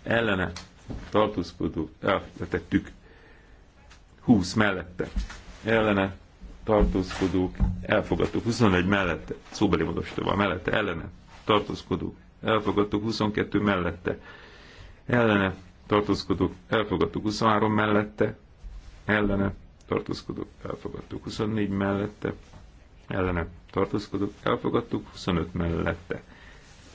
ellene tartózkodók elvetettük, 20 mellette, ellene tartózkodók elfogadtuk, 21 mellette, szóbeli módosítóval mellette, ellene tartózkodók elfogadtuk, 22 mellette, ellene tartózkodók elfogadtuk, 23 mellette, ellene tartózkodók, elfogadtuk. 24 mellette, ellene, tartózkodók, elfogadtuk. 25 mellette,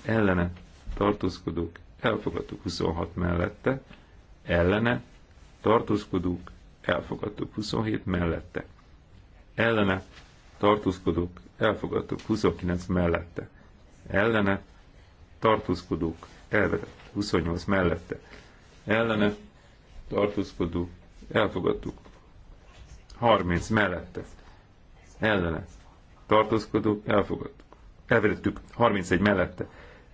ellene, tartózkodók, elfogadtuk. 26 mellette, ellene, tartózkodók, elfogadtuk. 27 mellette, ellene, tartózkodók, elfogadtuk. 29 mellette, ellene, tartózkodók, elvetett. 28 mellette, ellene, tartózkodók, elfogadtuk. 30 mellette. Ellene. Tartózkodók elfogadtuk. elvettük. 31 mellette.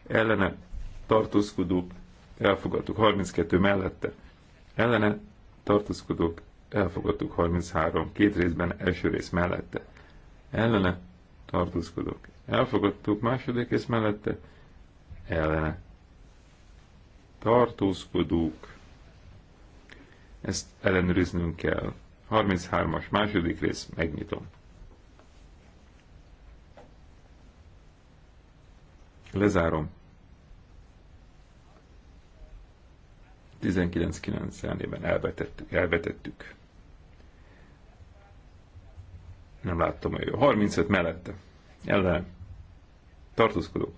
Ellene. Tartózkodók elfogadtuk. 32 mellette. Ellene. Tartózkodók elfogadtuk. 33. Két részben első rész mellette. Ellene. Tartózkodók elfogadtuk. Második rész mellette. Ellene. Tartózkodók ezt ellenőriznünk kell. 33-as második rész, megnyitom. Lezárom. 19-9 elnében elvetettük. elvetettük. Nem láttam olyan jó. 35 mellette. Ellen. tartózkodó.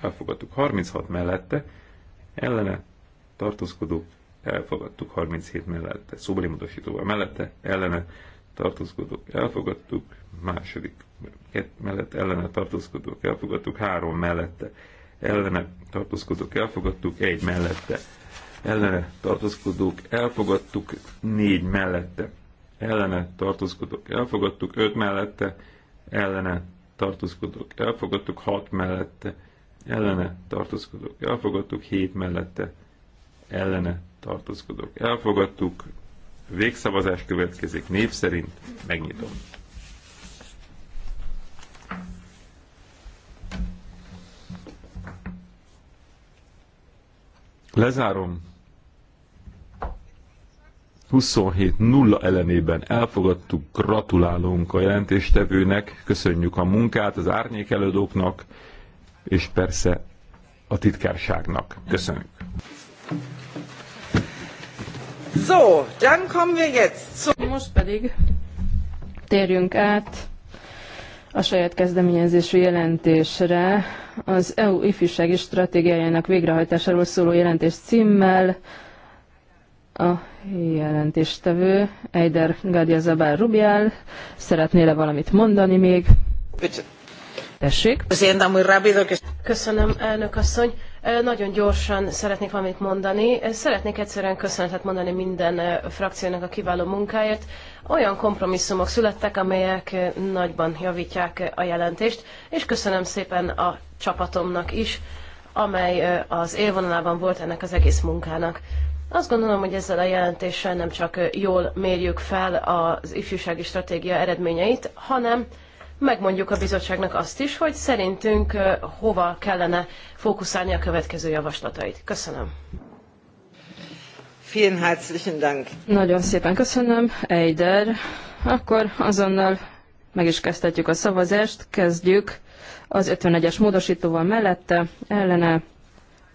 Elfogadtuk. 36 mellette. Ellene. tartózkodó elfogadtuk 37 mellette, módosítóval mellette, ellene tartózkodók elfogadtuk, második mellette ellene tartózkodók elfogadtuk, három mellette ellene tartózkodók elfogadtuk, egy mellette ellene tartózkodók elfogadtuk, négy mellette ellene tartózkodók elfogadtuk, öt mellette ellene tartózkodók elfogadtuk, hat mellette ellene tartózkodók elfogadtuk, hét mellette ellene tartózkodok. elfogadtuk, végszavazás következik, név szerint megnyitom. Lezárom. 27 nulla ellenében elfogadtuk, gratulálunk a jelentéstevőnek, köszönjük a munkát az árnyékelődóknak, és persze a titkárságnak. Köszönjük! So, dann kommen wir jetzt zu... Most pedig térjünk át a saját kezdeményezésű jelentésre az EU ifjúsági stratégiájának végrehajtásáról szóló jelentés címmel a jelentéstevő Eider Gadia Zabár Rubial. Szeretnél-e valamit mondani még? Tessék. Köszönöm, elnök asszony. Nagyon gyorsan szeretnék valamit mondani. Szeretnék egyszerűen köszönetet mondani minden eh, frakciónak a kiváló munkáért. Olyan kompromisszumok születtek, amelyek eh, nagyban javítják eh, a jelentést, és köszönöm szépen a csapatomnak is, amely az élvonalában volt ennek az egész munkának. Azt gondolom, hogy ezzel a jelentéssel nem csak jól mérjük fel az ifjúsági stratégia eredményeit, hanem megmondjuk a bizottságnak azt is, hogy szerintünk hova kellene fókuszálni a következő javaslatait. Köszönöm. Vielen herzlichen Dank. Nagyon szépen köszönöm, Eider. Akkor azonnal meg is kezdhetjük a szavazást. Kezdjük az 51-es módosítóval mellette, ellene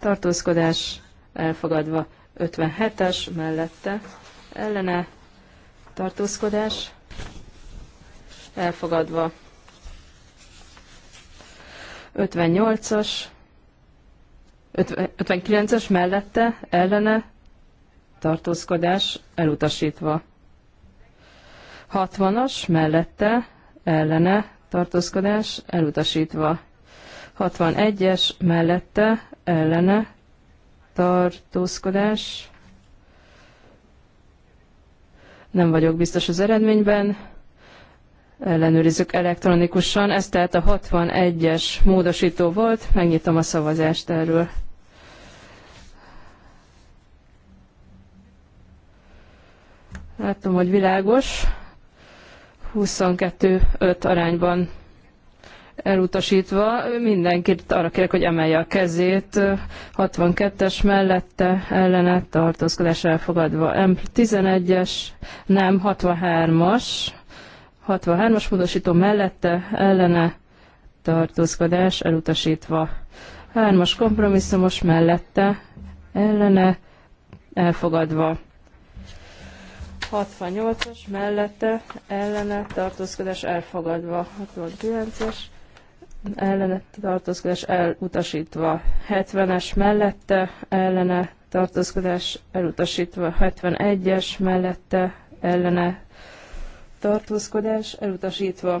tartózkodás elfogadva 57-es mellette, ellene tartózkodás elfogadva 58-as, 59-es mellette ellene tartózkodás elutasítva. 60-as mellette ellene tartózkodás elutasítva. 61-es mellette ellene tartózkodás. Nem vagyok biztos az eredményben ellenőrizzük elektronikusan. Ez tehát a 61-es módosító volt. Megnyitom a szavazást erről. Látom, hogy világos. 22-5 arányban elutasítva. Mindenkit arra kérek, hogy emelje a kezét. 62-es mellette ellenet tartózkodás elfogadva. M11-es, nem, 63-as 63-as módosító mellette ellene tartózkodás elutasítva. 3-as kompromisszumos mellette ellene elfogadva. 68-as mellette ellene tartózkodás elfogadva. 69-es ellene tartózkodás elutasítva. 70-es mellette ellene tartózkodás elutasítva. 71-es mellette ellene tartózkodás elutasítva.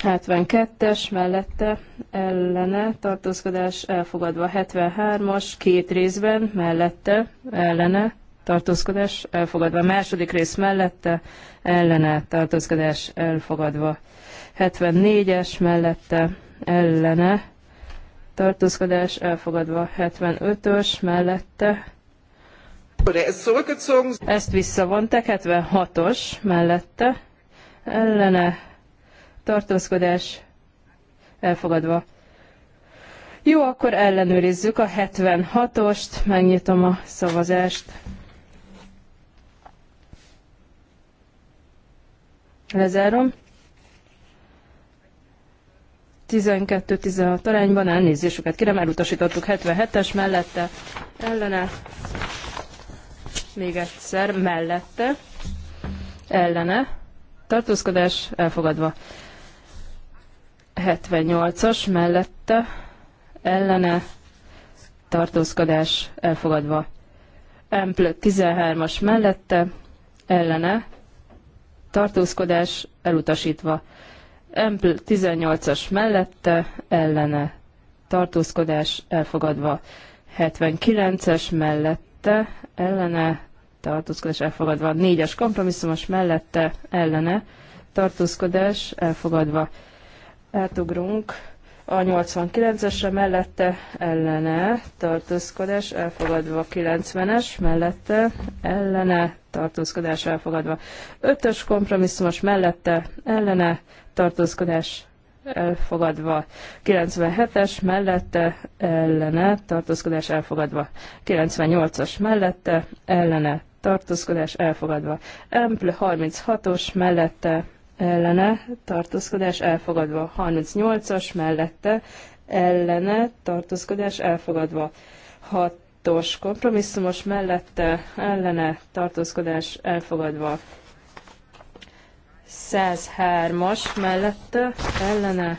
72-es mellette ellene tartózkodás elfogadva. 73-as két részben mellette ellene tartózkodás elfogadva. Második rész mellette ellene tartózkodás elfogadva. 74-es mellette ellene tartózkodás elfogadva. 75-ös mellette ezt visszavonták, 76-os mellette ellene tartózkodás elfogadva. Jó, akkor ellenőrizzük a 76-ost, megnyitom a szavazást. Lezárom. 12-16 arányban elnézésüket kérem, elutasítottuk 77-es mellette, ellene, még egyszer mellette, ellene, tartózkodás elfogadva. 78-as mellette ellene tartózkodás elfogadva. Empl 13-as mellette ellene tartózkodás elutasítva. Empl 18-as mellette ellene tartózkodás elfogadva. 79-es mellette ellene tartózkodás elfogadva. Négyes kompromisszumos mellette ellene tartózkodás elfogadva. Átugrunk a 89-esre mellette ellene tartózkodás elfogadva, 90-es mellette ellene tartózkodás elfogadva, 5-ös kompromisszumos mellette ellene tartózkodás elfogadva, 97-es mellette ellene tartózkodás elfogadva, 98-as mellette ellene tartózkodás elfogadva. Empl 36-os mellette ellene tartózkodás elfogadva. 38-as mellette ellene tartózkodás elfogadva. 6-os kompromisszumos mellette ellene tartózkodás elfogadva. 103-as mellette ellene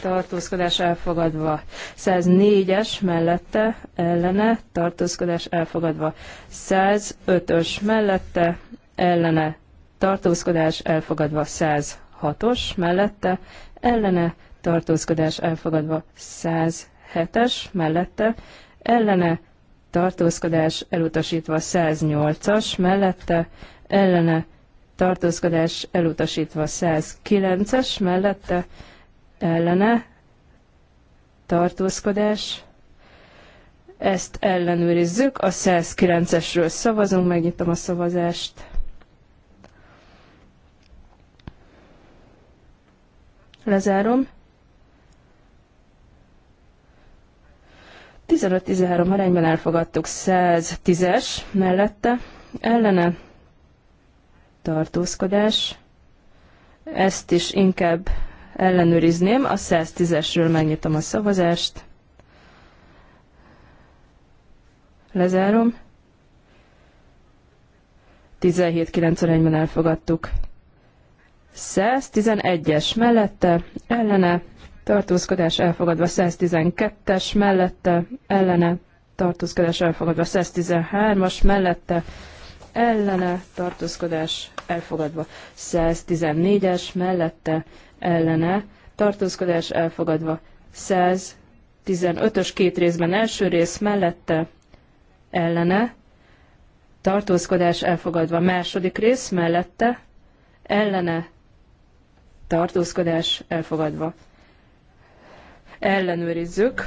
tartózkodás elfogadva. 104-es mellette, ellene, tartózkodás elfogadva. 105-ös mellette, ellene, tartózkodás elfogadva. 106-os mellette, ellene, tartózkodás elfogadva. 107-es mellette, ellene, tartózkodás elutasítva. 108-as mellette, ellene, tartózkodás elutasítva 109-es, mellette ellene, tartózkodás, ezt ellenőrizzük, a 109-esről szavazunk, megnyitom a szavazást. Lezárom. 15-13 arányban elfogadtuk 110-es mellette, ellene tartózkodás, ezt is inkább ellenőrizném. A 110-esről megnyitom a szavazást. Lezárom. 17,91 ben elfogadtuk. 111-es mellette, ellene, tartózkodás elfogadva 112-es mellette, ellene, tartózkodás elfogadva 113-as mellette, ellene, tartózkodás elfogadva 114-es mellette, ellene, tartózkodás elfogadva. 115-ös két részben első rész mellette, ellene, tartózkodás elfogadva. Második rész mellette, ellene, tartózkodás elfogadva. Ellenőrizzük,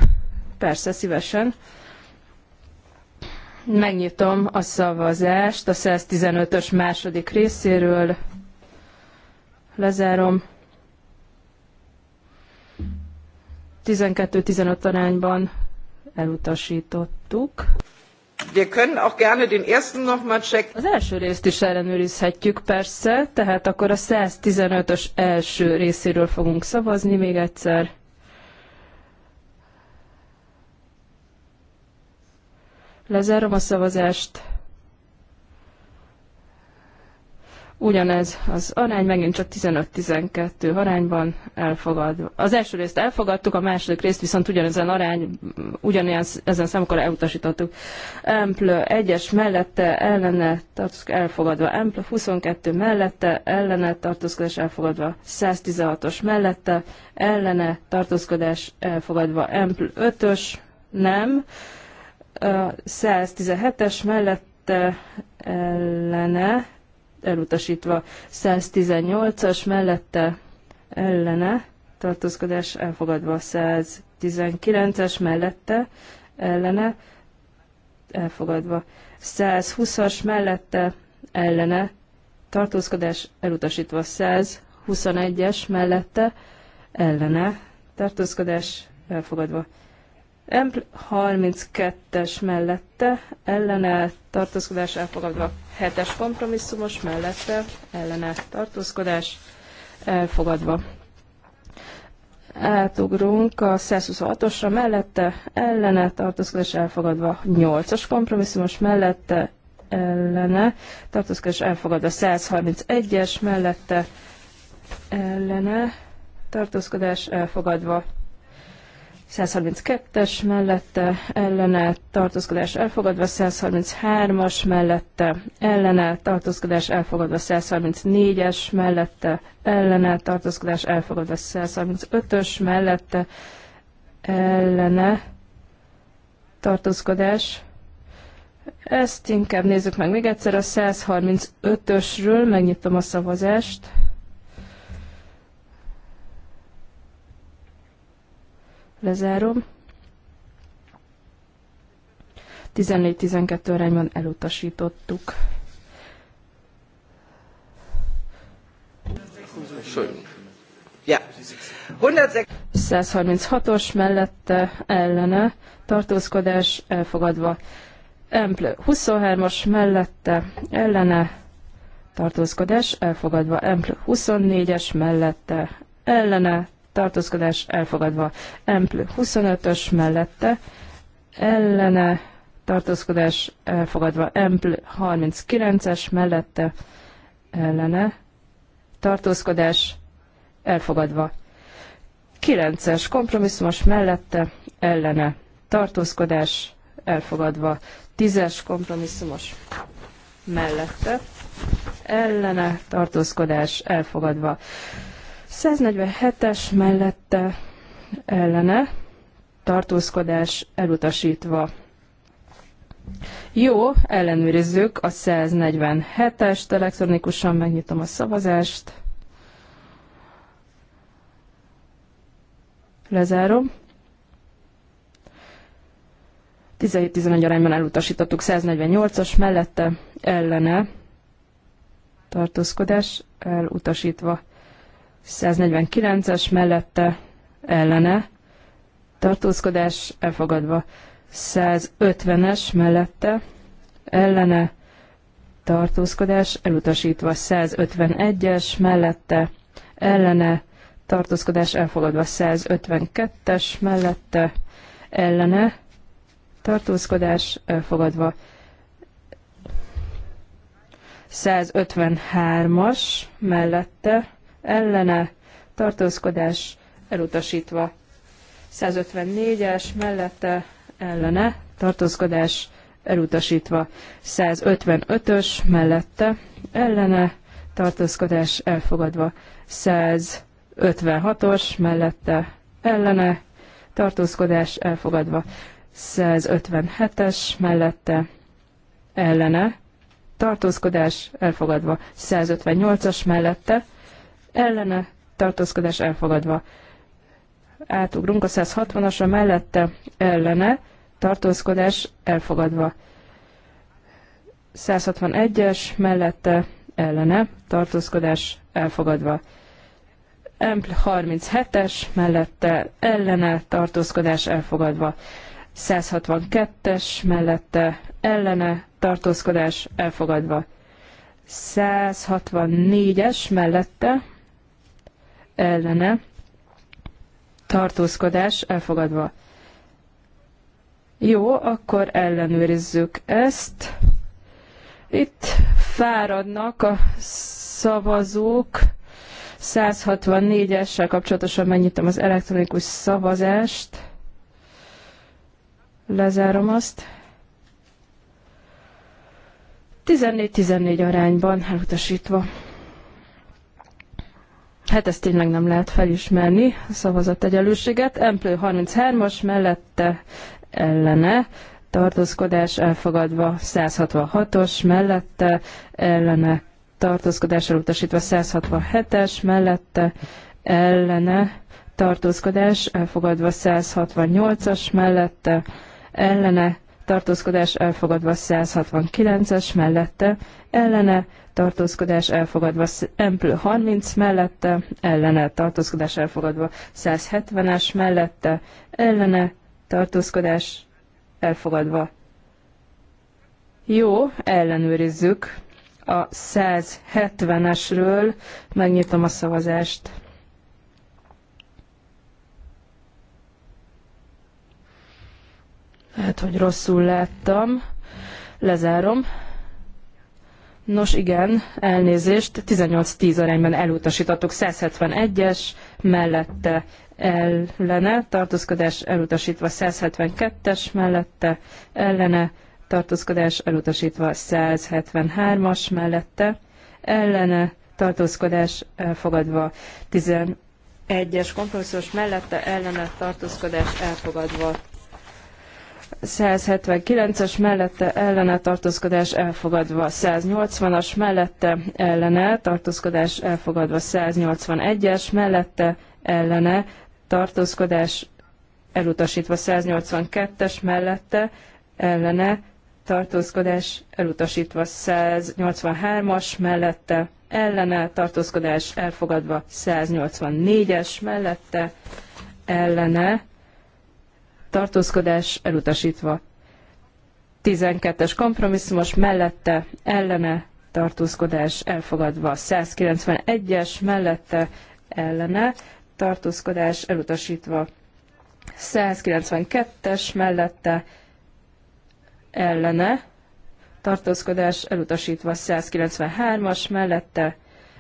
persze szívesen. Megnyitom a szavazást a 115-ös második részéről. Lezárom. 12-15 arányban elutasítottuk. Wir können auch gerne den ersten noch mal check. Az első részt is ellenőrizhetjük persze, tehát akkor a 115-ös első részéről fogunk szavazni még egyszer. Lezárom a szavazást. Ugyanez az arány megint csak 15-12 arányban elfogadva. Az első részt elfogadtuk, a második részt viszont ugyanezen arány, ugyanilyen ezen számokra elutasítottuk. Empl egyes mellette ellene tartózkodás elfogadva, Empl 22 mellette ellene tartózkodás elfogadva, 116-os mellette ellene tartózkodás elfogadva, Empl 5-ös nem, 117-es mellette ellene elutasítva 118-as mellette ellene, tartózkodás elfogadva 119-es mellette ellene, elfogadva 120-as mellette ellene, tartózkodás elutasítva 121-es mellette ellene, tartózkodás elfogadva. M32-es mellette ellene tartózkodás elfogadva Hetes kompromisszumos mellette ellene tartózkodás elfogadva. Átugrunk a 126-osra mellette ellene tartózkodás elfogadva. 8-as kompromisszumos mellette ellene tartózkodás elfogadva. 131-es mellette ellene tartózkodás elfogadva. 132-es mellette ellene tartózkodás elfogadva, 133-as mellette ellene tartózkodás elfogadva, 134-es mellette ellene tartózkodás elfogadva, 135-ös mellette ellene tartózkodás. Ezt inkább nézzük meg még egyszer a 135-ösről, megnyitom a szavazást. Lezárom. 14-12 arányban elutasítottuk. Ja. 136-os mellette ellene tartózkodás elfogadva. Emple 23-as mellette ellene tartózkodás elfogadva. Emple 24-es mellette ellene tartózkodás elfogadva. Empl 25-ös mellette ellene tartózkodás elfogadva. Empl 39-es mellette ellene tartózkodás elfogadva. 9-es kompromisszumos mellette ellene tartózkodás elfogadva. 10-es kompromisszumos mellette ellene tartózkodás elfogadva. 147-es mellette ellene tartózkodás elutasítva. Jó, ellenőrizzük a 147-est, elektronikusan megnyitom a szavazást. Lezárom. 17-11 arányban elutasítottuk 148-as mellette ellene tartózkodás elutasítva. 149-es mellette ellene tartózkodás elfogadva. 150-es mellette ellene tartózkodás elutasítva. 151-es mellette ellene tartózkodás elfogadva. 152-es mellette ellene tartózkodás elfogadva. 153-as mellette ellene tartózkodás elutasítva. 154-es mellette ellene tartózkodás elutasítva. 155-ös mellette ellene tartózkodás elfogadva. 156-os mellette ellene tartózkodás elfogadva. 157-es mellette ellene tartózkodás elfogadva. 158-as mellette ellene tartózkodás elfogadva. Átugrunk a 160-asra mellette ellene tartózkodás elfogadva. 161-es mellette ellene tartózkodás elfogadva. Empl 37-es mellette ellene tartózkodás elfogadva. 162-es mellette ellene tartózkodás elfogadva. 164-es mellette ellene tartózkodás elfogadva. Jó, akkor ellenőrizzük ezt. Itt fáradnak a szavazók. 164-essel kapcsolatosan megnyitom az elektronikus szavazást. Lezárom azt. 14-14 arányban elutasítva. Hát ezt tényleg nem lehet felismerni, a szavazat egyenlőséget. Emplő 33-as mellette ellene, tartózkodás elfogadva 166-os mellette, ellene tartózkodás elutasítva 167-es mellette, ellene tartózkodás elfogadva 168-as mellette, ellene tartózkodás elfogadva 169-es mellette, ellene tartózkodás elfogadva, Ample 30 mellette, ellene tartózkodás elfogadva, 170-es mellette, ellene tartózkodás elfogadva. Jó, ellenőrizzük a 170-esről, megnyitom a szavazást. Lehet, hogy rosszul láttam. Lezárom. Nos igen, elnézést, 18-10 arányban elutasítottuk, 171-es mellette ellene, tartózkodás elutasítva 172-es mellette ellene, tartózkodás elutasítva 173-as mellette ellene, tartózkodás elfogadva 11-es kompromisszós, mellette ellene, tartózkodás elfogadva 179-es mellette ellene tartózkodás elfogadva, 180-as mellette ellene tartózkodás elfogadva, 181-es mellette ellene tartózkodás elutasítva, 182-es mellette ellene tartózkodás elutasítva, 183-as mellette ellene tartózkodás elfogadva, 184-es mellette ellene tartózkodás elutasítva. 12-es kompromisszumos mellette ellene tartózkodás elfogadva. 191-es mellette ellene tartózkodás elutasítva. 192-es mellette ellene tartózkodás elutasítva 193-as mellette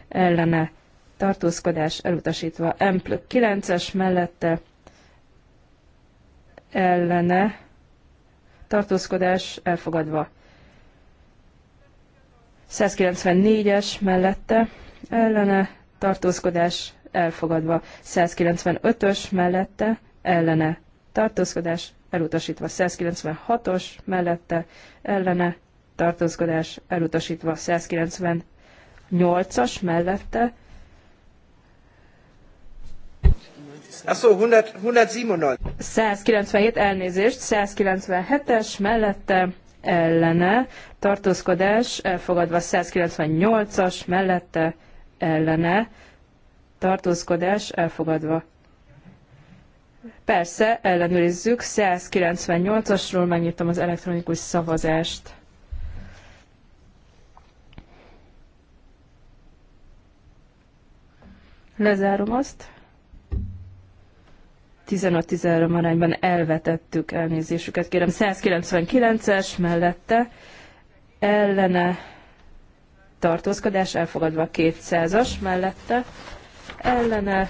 ellene tartózkodás elutasítva M 9-es mellette ellene tartózkodás elfogadva. 194-es mellette ellene tartózkodás elfogadva. 195-ös mellette ellene tartózkodás elutasítva. 196-os mellette ellene tartózkodás elutasítva. 198-as mellette Achso, 197. 197, elnézést, 197-es mellette ellene, tartózkodás elfogadva 198-as mellette ellene, tartózkodás elfogadva. Persze, ellenőrizzük, 198-asról megnyitom az elektronikus szavazást. Lezárom azt. 15-13 arányban elvetettük elnézésüket, kérem. 199-es mellette ellene tartózkodás elfogadva 200-as mellette ellene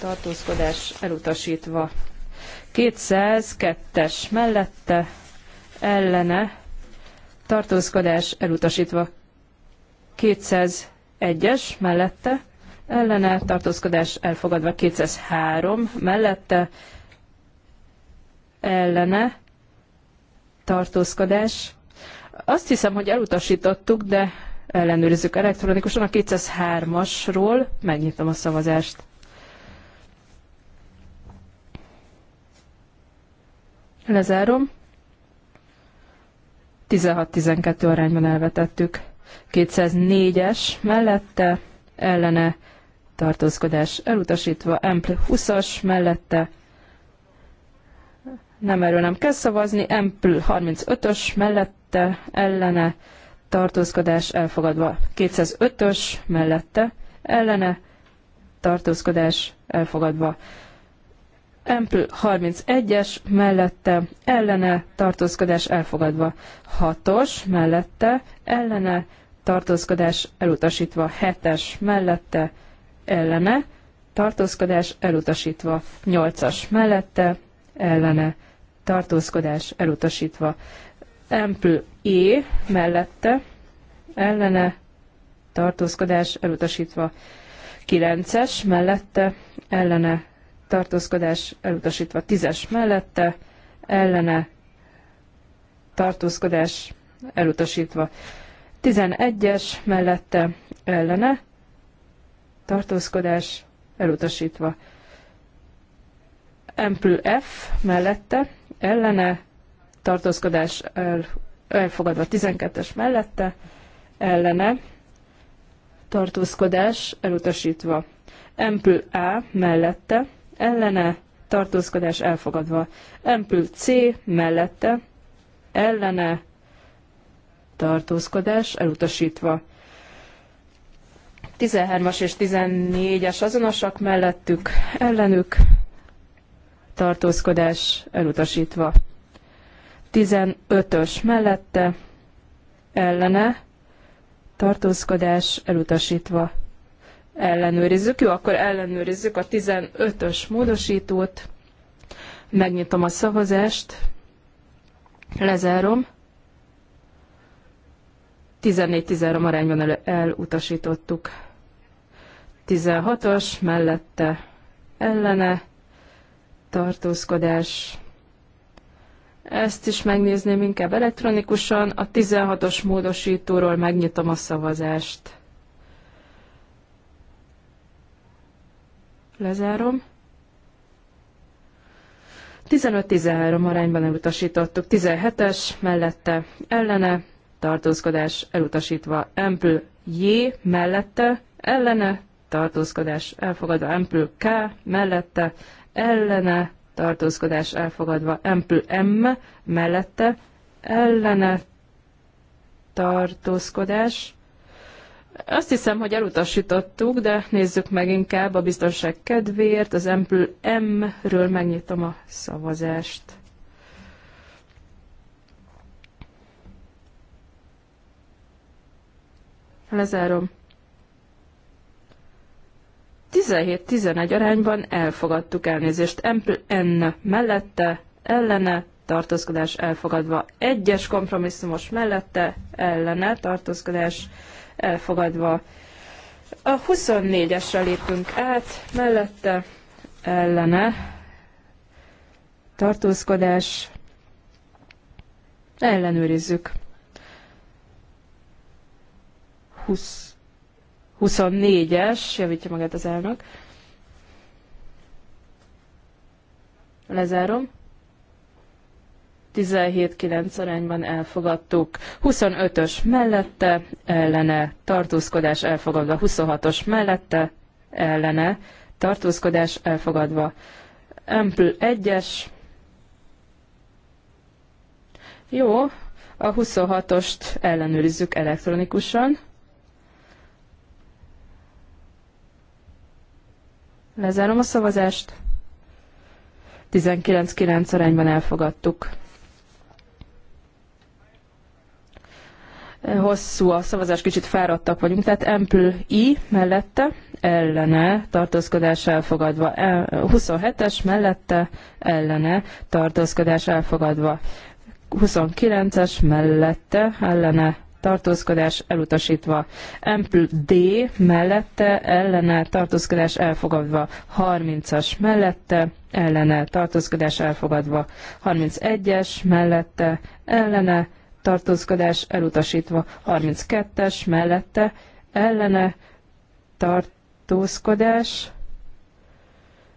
tartózkodás elutasítva 202-es mellette ellene tartózkodás elutasítva 201-es mellette ellene tartózkodás elfogadva 203 mellette ellene tartózkodás. Azt hiszem, hogy elutasítottuk, de ellenőrizzük elektronikusan a 203-asról. Megnyitom a szavazást. Lezárom. 16-12 arányban elvetettük. 204-es mellette ellene tartózkodás elutasítva, Empl 20-as mellette nem erről nem kell szavazni, Empl 35-ös mellette ellene tartózkodás elfogadva, 205-ös mellette ellene tartózkodás elfogadva. Empl 31-es mellette ellene tartózkodás elfogadva, 6-os mellette ellene tartózkodás elutasítva, 7-es mellette ellene, tartózkodás elutasítva. 8-as mellette, ellene, tartózkodás elutasítva. Ample E mellette, ellene, tartózkodás elutasítva. 9-es mellette, ellene, tartózkodás elutasítva. 10-es mellette, ellene, tartózkodás elutasítva. 11-es mellette, ellene, tartózkodás elutasítva. Ample F mellette, ellene, tartózkodás el, elfogadva 12-es mellette, ellene, tartózkodás elutasítva. Ample A mellette, ellene, tartózkodás elfogadva. Ample C mellette, ellene, tartózkodás elutasítva. 13-as és 14-es azonosak mellettük, ellenük tartózkodás elutasítva. 15-ös mellette, ellene, tartózkodás elutasítva. Ellenőrizzük, jó, akkor ellenőrizzük a 15-ös módosítót. Megnyitom a szavazást, lezárom. 14-13 arányban el, elutasítottuk. 16-os mellette ellene tartózkodás. Ezt is megnézném inkább elektronikusan. A 16-os módosítóról megnyitom a szavazást. Lezárom. 15-13 arányban elutasítottuk. 17-es mellette ellene tartózkodás elutasítva. Empl J mellette ellene tartózkodás elfogadva, Ample K mellette, ellene tartózkodás elfogadva, Ample M mellette, ellene tartózkodás. Azt hiszem, hogy elutasítottuk, de nézzük meg inkább a biztonság kedvéért. Az Ample M-ről megnyitom a szavazást. Lezárom. 17-11 arányban elfogadtuk elnézést. N mellette, ellene, tartózkodás elfogadva. Egyes kompromisszumos mellette, ellene, tartózkodás elfogadva. A 24-esre lépünk át, mellette, ellene, tartózkodás, ellenőrizzük. 20. 24-es, javítja magát az elnök. Lezárom. 17-9 arányban elfogadtuk. 25-ös mellette, ellene, tartózkodás elfogadva. 26-os mellette, ellene, tartózkodás elfogadva. Ample 1-es. Jó, a 26-ost ellenőrizzük elektronikusan. Lezárom a szavazást. 19-9 arányban elfogadtuk. Hosszú a szavazás, kicsit fáradtak vagyunk, tehát Ample I mellette, ellene, tartózkodás elfogadva. 27-es e, mellette, ellene, tartózkodás elfogadva. 29-es mellette, ellene, tartózkodás elutasítva. Empl D mellette ellene tartózkodás elfogadva. 30-as mellette ellene tartózkodás elfogadva. 31-es mellette ellene tartózkodás elutasítva. 32-es mellette ellene tartózkodás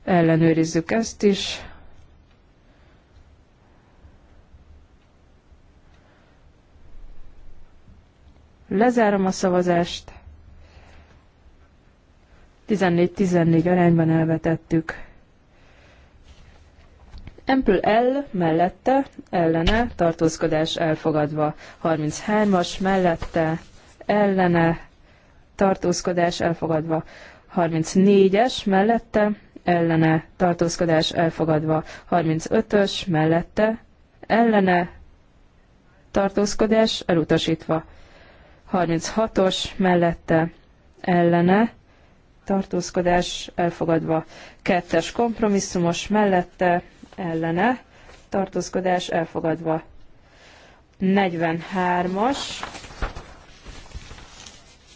ellenőrizzük ezt is. Lezárom a szavazást. 14-14 arányban elvetettük. Empül L mellette, ellene, tartózkodás elfogadva. 33-as mellette, ellene, tartózkodás elfogadva. 34-es mellette, ellene, tartózkodás elfogadva. 35-ös mellette, ellene, tartózkodás elutasítva. 36-os mellette ellene tartózkodás elfogadva. Kettes kompromisszumos mellette ellene tartózkodás elfogadva. 43-as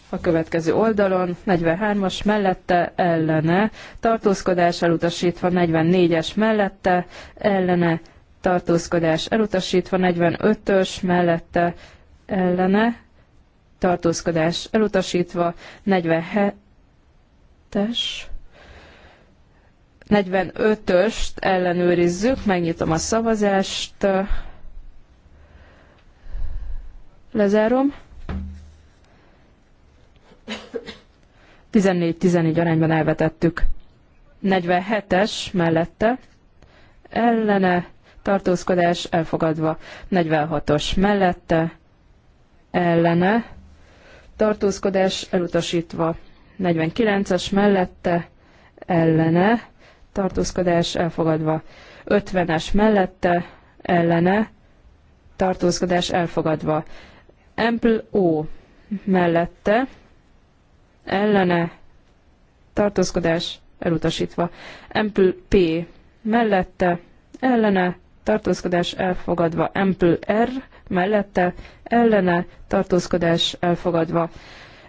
a következő oldalon, 43-as mellette ellene, tartózkodás elutasítva 44-es mellette ellene, tartózkodás elutasítva 45-ös mellette ellene, tartózkodás elutasítva, 47-es, 45-öst ellenőrizzük, megnyitom a szavazást, lezárom. 14-14 arányban elvetettük. 47-es mellette, ellene, tartózkodás elfogadva. 46-os mellette, ellene, tartózkodás elutasítva. 49-es mellette ellene tartózkodás elfogadva. 50-es mellette ellene tartózkodás elfogadva. Empl O mellette ellene tartózkodás elutasítva. Empl P mellette ellene tartózkodás elfogadva. Empl R mellette, ellene, tartózkodás elfogadva.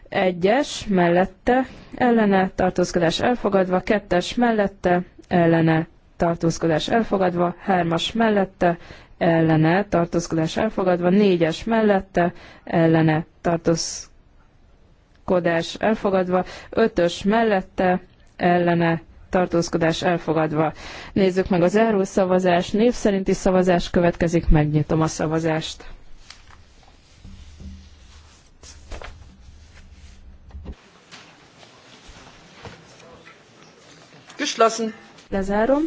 Egyes, mellette, ellene, tartózkodás elfogadva. Kettes, mellette, ellene, tartózkodás elfogadva. Hármas, mellette, ellene, tartózkodás elfogadva. Négyes, mellette, ellene, tartózkodás elfogadva. Ötös, mellette, ellene, tartózkodás elfogadva. Nézzük meg az záró szavazás, név szerinti szavazás következik, megnyitom a szavazást. Geschlossen. Lezárom.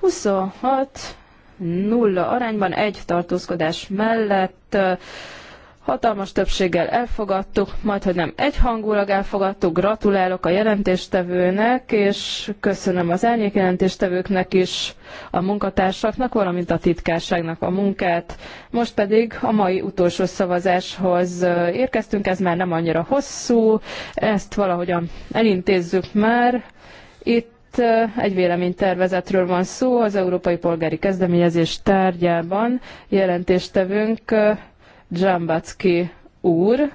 26 nulla arányban egy tartózkodás mellett Hatalmas többséggel elfogadtuk, majd hogy nem egyhangulag elfogadtuk. Gratulálok a jelentéstevőnek, és köszönöm az elnyék jelentéstevőknek is, a munkatársaknak, valamint a titkárságnak a munkát. Most pedig a mai utolsó szavazáshoz érkeztünk, ez már nem annyira hosszú, ezt valahogyan elintézzük már. Itt egy véleménytervezetről van szó az Európai Polgári Kezdeményezés tárgyában. Jelentéstevőnk Dzsambacki úr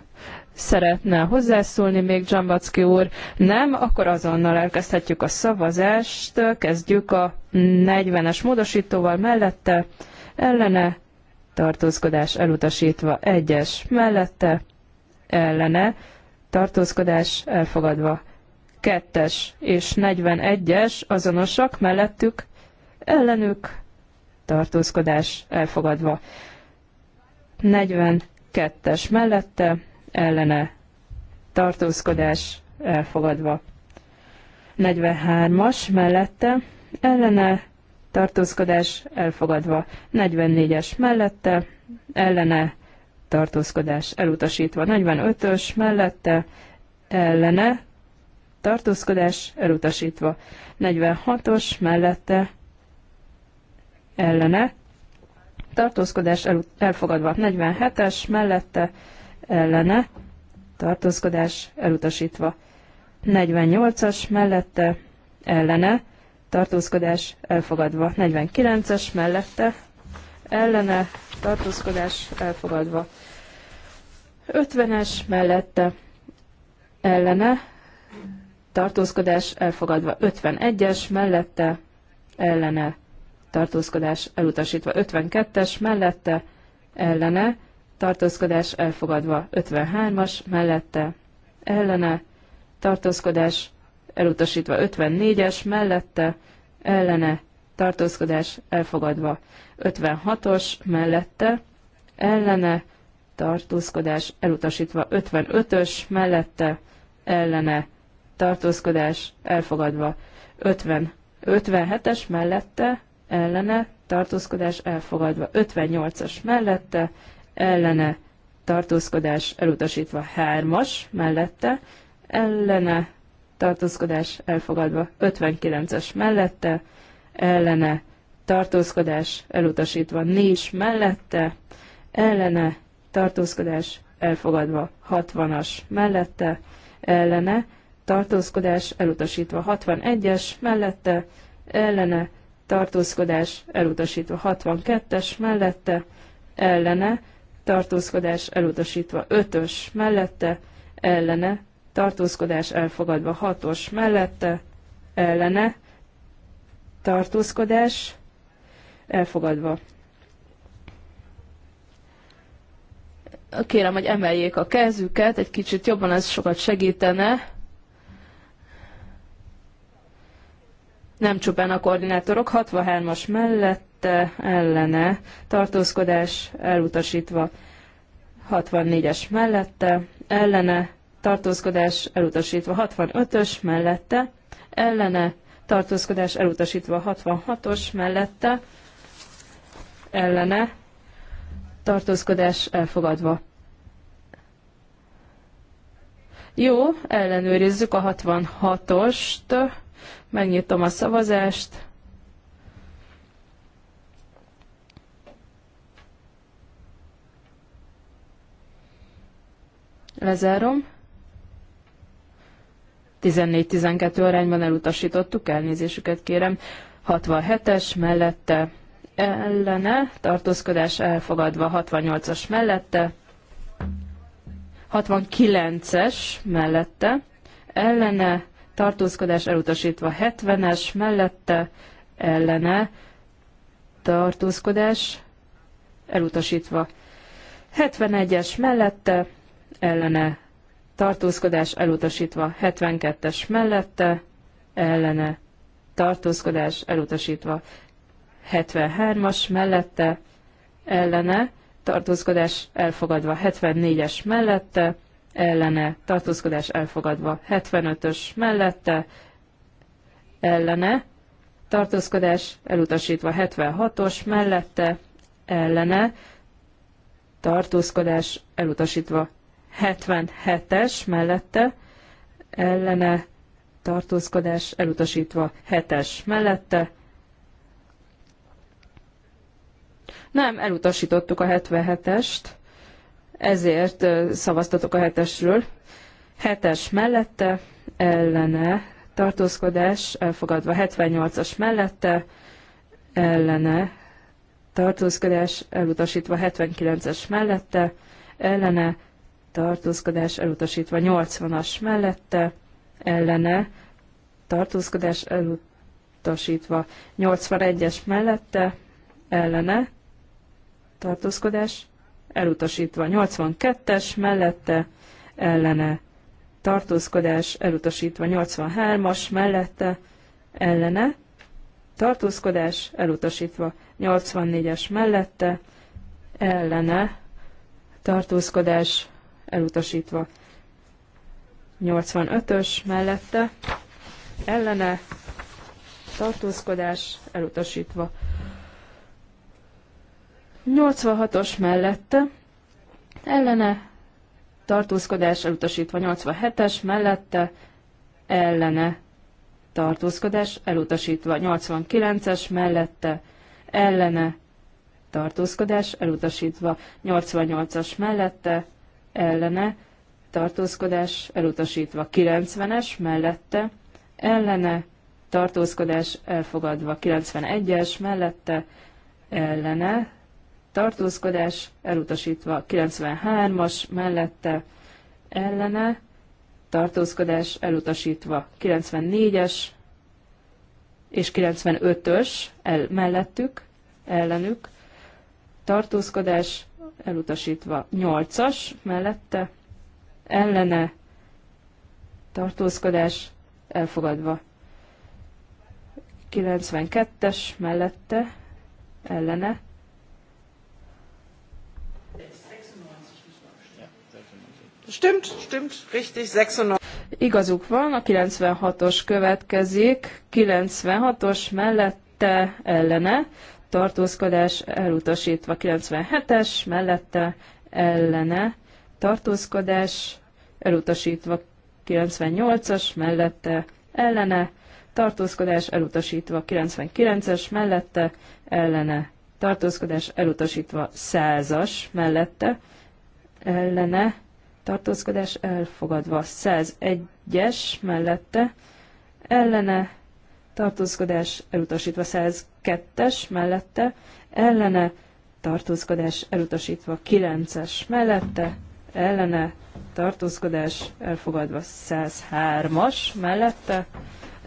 szeretne hozzászólni még Dzsambacki úr. Nem, akkor azonnal elkezdhetjük a szavazást. Kezdjük a 40-es módosítóval mellette, ellene, tartózkodás elutasítva, egyes mellette, ellene, tartózkodás elfogadva, kettes és 41-es azonosak mellettük, ellenük, tartózkodás elfogadva. 42-es mellette ellene tartózkodás elfogadva. 43-as mellette ellene tartózkodás elfogadva. 44-es mellette ellene tartózkodás elutasítva. 45-ös mellette ellene tartózkodás elutasítva. 46-os mellette ellene tartózkodás elfogadva. 47-es mellette ellene tartózkodás elutasítva. 48-as mellette ellene tartózkodás elfogadva. 49-es mellette ellene tartózkodás elfogadva. 50-es mellette ellene tartózkodás elfogadva. 51-es mellette ellene tartózkodás elutasítva 52-es, mellette ellene tartózkodás elfogadva 53-as, mellette ellene tartózkodás elutasítva 54-es, mellette ellene tartózkodás elfogadva 56-os, mellette ellene tartózkodás elutasítva 55-ös, mellette ellene tartózkodás elfogadva 50 57-es mellette ellene, tartózkodás elfogadva. 58-as mellette, ellene, tartózkodás elutasítva. 3-as mellette, ellene, tartózkodás elfogadva. 59-es mellette, ellene, tartózkodás elutasítva. 4 mellette, ellene, tartózkodás elfogadva. 60-as mellette, ellene, tartózkodás elutasítva. 61-es mellette, ellene, tartózkodás elutasítva 62-es mellette, ellene, tartózkodás elutasítva 5-ös mellette, ellene, tartózkodás elfogadva 6-os mellette, ellene, tartózkodás elfogadva. Kérem, hogy emeljék a kezüket, egy kicsit jobban ez sokat segítene. nem csupán a koordinátorok, 63-as mellette ellene tartózkodás elutasítva, 64-es mellette ellene tartózkodás elutasítva, 65-ös mellette ellene tartózkodás elutasítva, 66-os mellette ellene tartózkodás elfogadva. Jó, ellenőrizzük a 66-ost. Megnyitom a szavazást. Lezárom. 14-12 arányban elutasítottuk, elnézésüket kérem. 67-es mellette ellene, tartózkodás elfogadva 68-as mellette, 69-es mellette, ellene tartózkodás elutasítva 70-es, mellette ellene tartózkodás elutasítva 71-es, mellette ellene tartózkodás elutasítva 72-es, mellette ellene tartózkodás elutasítva 73-as, mellette ellene tartózkodás elfogadva 74-es mellette, ellene tartózkodás elfogadva. 75-ös mellette ellene tartózkodás elutasítva. 76-os mellette ellene tartózkodás elutasítva. 77-es mellette ellene tartózkodás elutasítva. 7-es mellette nem, elutasítottuk a 77-est ezért szavaztatok a hetesről. Hetes mellette, ellene, tartózkodás elfogadva. 78-as mellette, ellene, tartózkodás elutasítva. 79-es mellette, ellene, tartózkodás elutasítva. 80-as mellette, ellene, tartózkodás elutasítva. 81-es mellette, ellene, tartózkodás elutasítva 82-es mellette, ellene tartózkodás elutasítva 83-as mellette, ellene tartózkodás elutasítva 84-es mellette, ellene tartózkodás elutasítva 85-ös mellette, ellene tartózkodás elutasítva 86-os mellette, ellene, tartózkodás elutasítva 87-es mellette, ellene, tartózkodás elutasítva 89-es mellette, ellene, tartózkodás elutasítva 88-as mellette, ellene, tartózkodás elutasítva 90-es mellette, ellene, tartózkodás elfogadva 91-es mellette, ellene, tartózkodás, elutasítva 93-as mellette ellene, tartózkodás, elutasítva 94-es és 95-ös el, mellettük, ellenük, tartózkodás, elutasítva 8-as mellette, ellene, tartózkodás, elfogadva 92-es mellette, ellene, Stimmt, stimmt, richtig, 96. Igazuk van, a 96-os következik, 96-os mellette ellene, tartózkodás elutasítva, 97-es mellette ellene, tartózkodás elutasítva, 98-as mellette ellene, tartózkodás elutasítva, 99-es mellette ellene, tartózkodás elutasítva, 100-as mellette ellene, tartózkodás elfogadva. 101-es mellette ellene tartózkodás elutasítva. 102-es mellette ellene tartózkodás elutasítva. 9-es mellette ellene tartózkodás elfogadva. 103-as mellette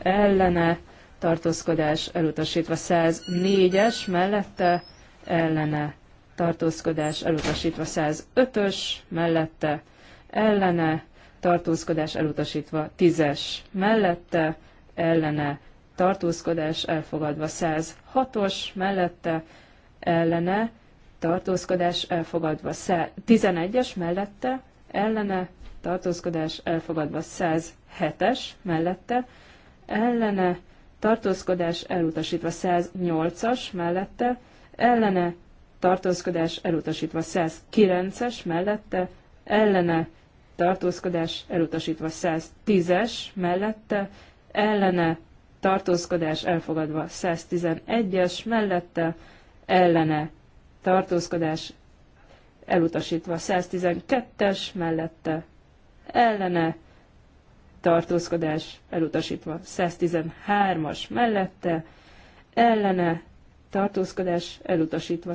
ellene tartózkodás elutasítva. 104-es mellette ellene tartózkodás elutasítva. 105-ös mellette ellene, tartózkodás elutasítva tízes; mellette, ellene, tartózkodás elfogadva 106-os mellette, ellene, tartózkodás elfogadva 11-es mellette, ellene, tartózkodás elfogadva 107-es mellette, ellene, tartózkodás elutasítva 108-as mellette, ellene, tartózkodás elutasítva 109-es mellette, ellene, tartózkodás elutasítva 110-es mellette, ellene tartózkodás elfogadva 111-es mellette, ellene tartózkodás elutasítva 112-es mellette, ellene tartózkodás elutasítva 113-as mellette, ellene tartózkodás elutasítva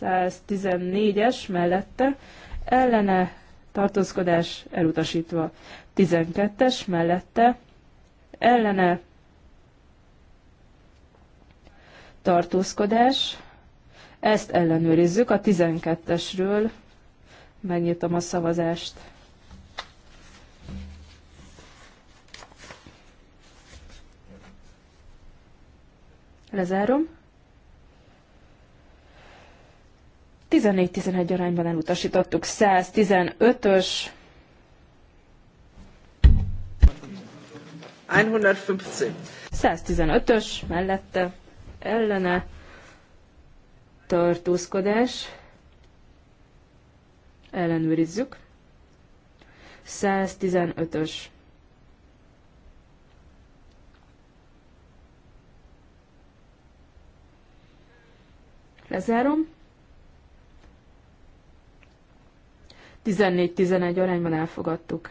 114-es mellette, ellene tartózkodás elutasítva. 12-es mellette ellene tartózkodás. Ezt ellenőrizzük a 12-esről. Megnyitom a szavazást. Lezárom. 14-11 arányban elutasítottuk 115-ös. 115-ös mellette ellene tartózkodás. Ellenőrizzük. 115-ös. Lezárom. 14-11 arányban elfogadtuk.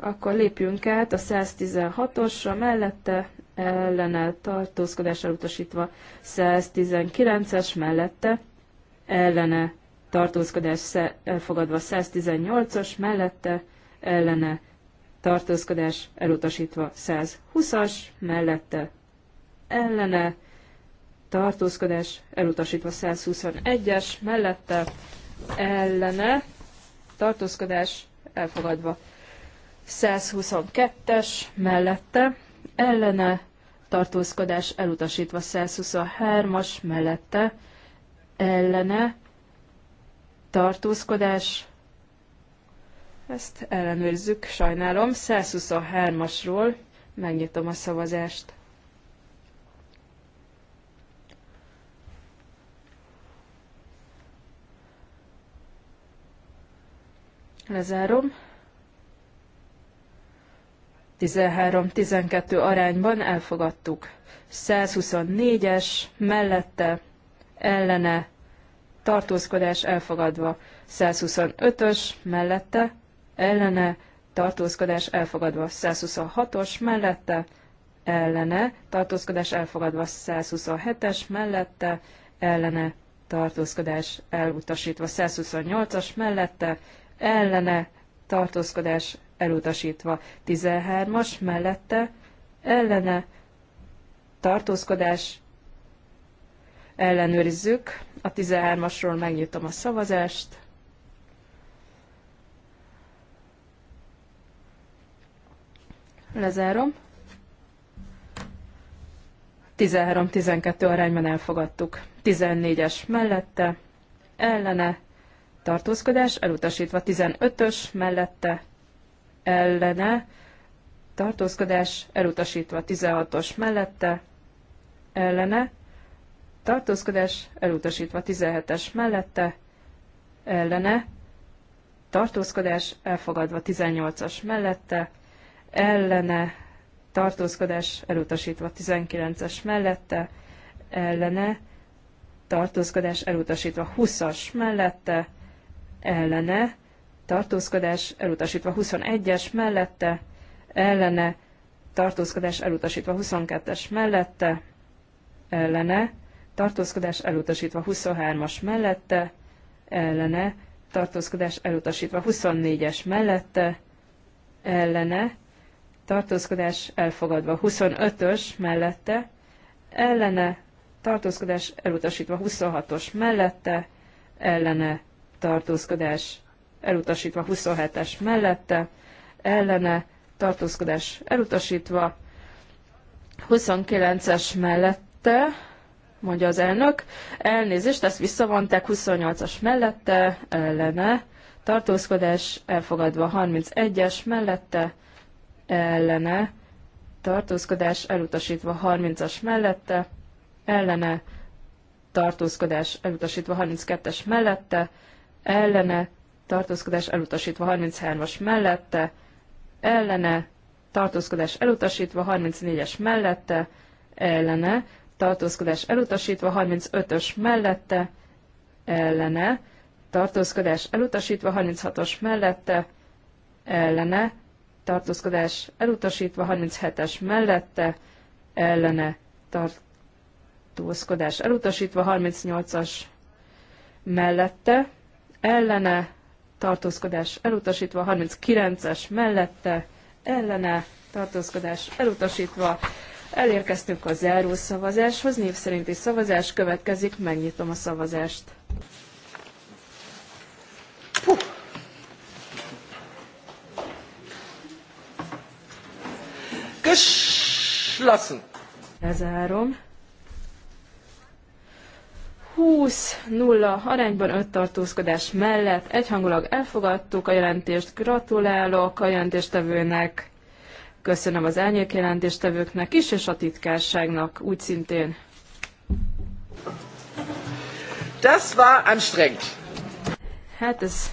Akkor lépjünk át a 116-osra, mellette ellene tartózkodás elutasítva 119-es, mellette ellene tartózkodás elfogadva 118-os, mellette ellene tartózkodás elutasítva 120-as, mellette ellene tartózkodás elutasítva 121-es, mellette ellene tartózkodás elfogadva. 122-es mellette ellene tartózkodás elutasítva 123-as mellette ellene tartózkodás ezt ellenőrizzük, sajnálom, 123-asról megnyitom a szavazást. Lezárom. 13-12 arányban elfogadtuk. 124-es mellette ellene tartózkodás elfogadva. 125-ös mellette ellene tartózkodás elfogadva. 126-os mellette ellene tartózkodás elfogadva. 127-es mellette ellene tartózkodás elutasítva. 128-as mellette ellene tartózkodás elutasítva. 13-as mellette ellene tartózkodás ellenőrizzük. A 13-asról megnyitom a szavazást. Lezárom. 13-12 arányban elfogadtuk. 14-es mellette, ellene, tartózkodás elutasítva 15-ös mellette ellene, tartózkodás elutasítva 16-os mellette ellene, tartózkodás elutasítva 17-es mellette ellene, tartózkodás elfogadva 18-as mellette ellene, tartózkodás elutasítva 19-es mellette ellene, tartózkodás elutasítva 20-as mellette ellene, tartózkodás elutasítva 21-es mellette, ellene, tartózkodás elutasítva 22-es mellette, ellene, tartózkodás elutasítva 23-as mellette, ellene, tartózkodás elutasítva 24-es mellette, ellene, tartózkodás elfogadva 25-ös mellette, ellene, tartózkodás elutasítva 26-os mellette, ellene, tartózkodás elutasítva, 27-es mellette, ellene tartózkodás elutasítva, 29-es mellette, mondja az elnök, elnézést, ezt visszavonták, 28-as mellette, ellene, tartózkodás elfogadva, 31-es mellette, ellene, tartózkodás elutasítva, 30-as mellette, ellene, tartózkodás elutasítva, 32-es mellette, ellene tartózkodás elutasítva 33-as mellette, ellene tartózkodás elutasítva 34-es mellette, ellene tartózkodás elutasítva 35-ös mellette, ellene tartózkodás elutasítva 36-os mellette, ellene tartózkodás elutasítva 37-es mellette, ellene tartózkodás elutasítva 38-as mellette, ellene, tartózkodás elutasítva, 39-es mellette, ellene, tartózkodás elutasítva. Elérkeztünk a záró szavazáshoz, név szerinti szavazás következik, megnyitom a szavazást. Puh. Geschlossen. Lezárom. 20-0 arányban öt tartózkodás mellett egyhangulag elfogadtuk a jelentést. Gratulálok a jelentéstevőnek, köszönöm az elnyék jelentéstevőknek is, és a titkárságnak úgy szintén. Das war anstrengend. Hát ez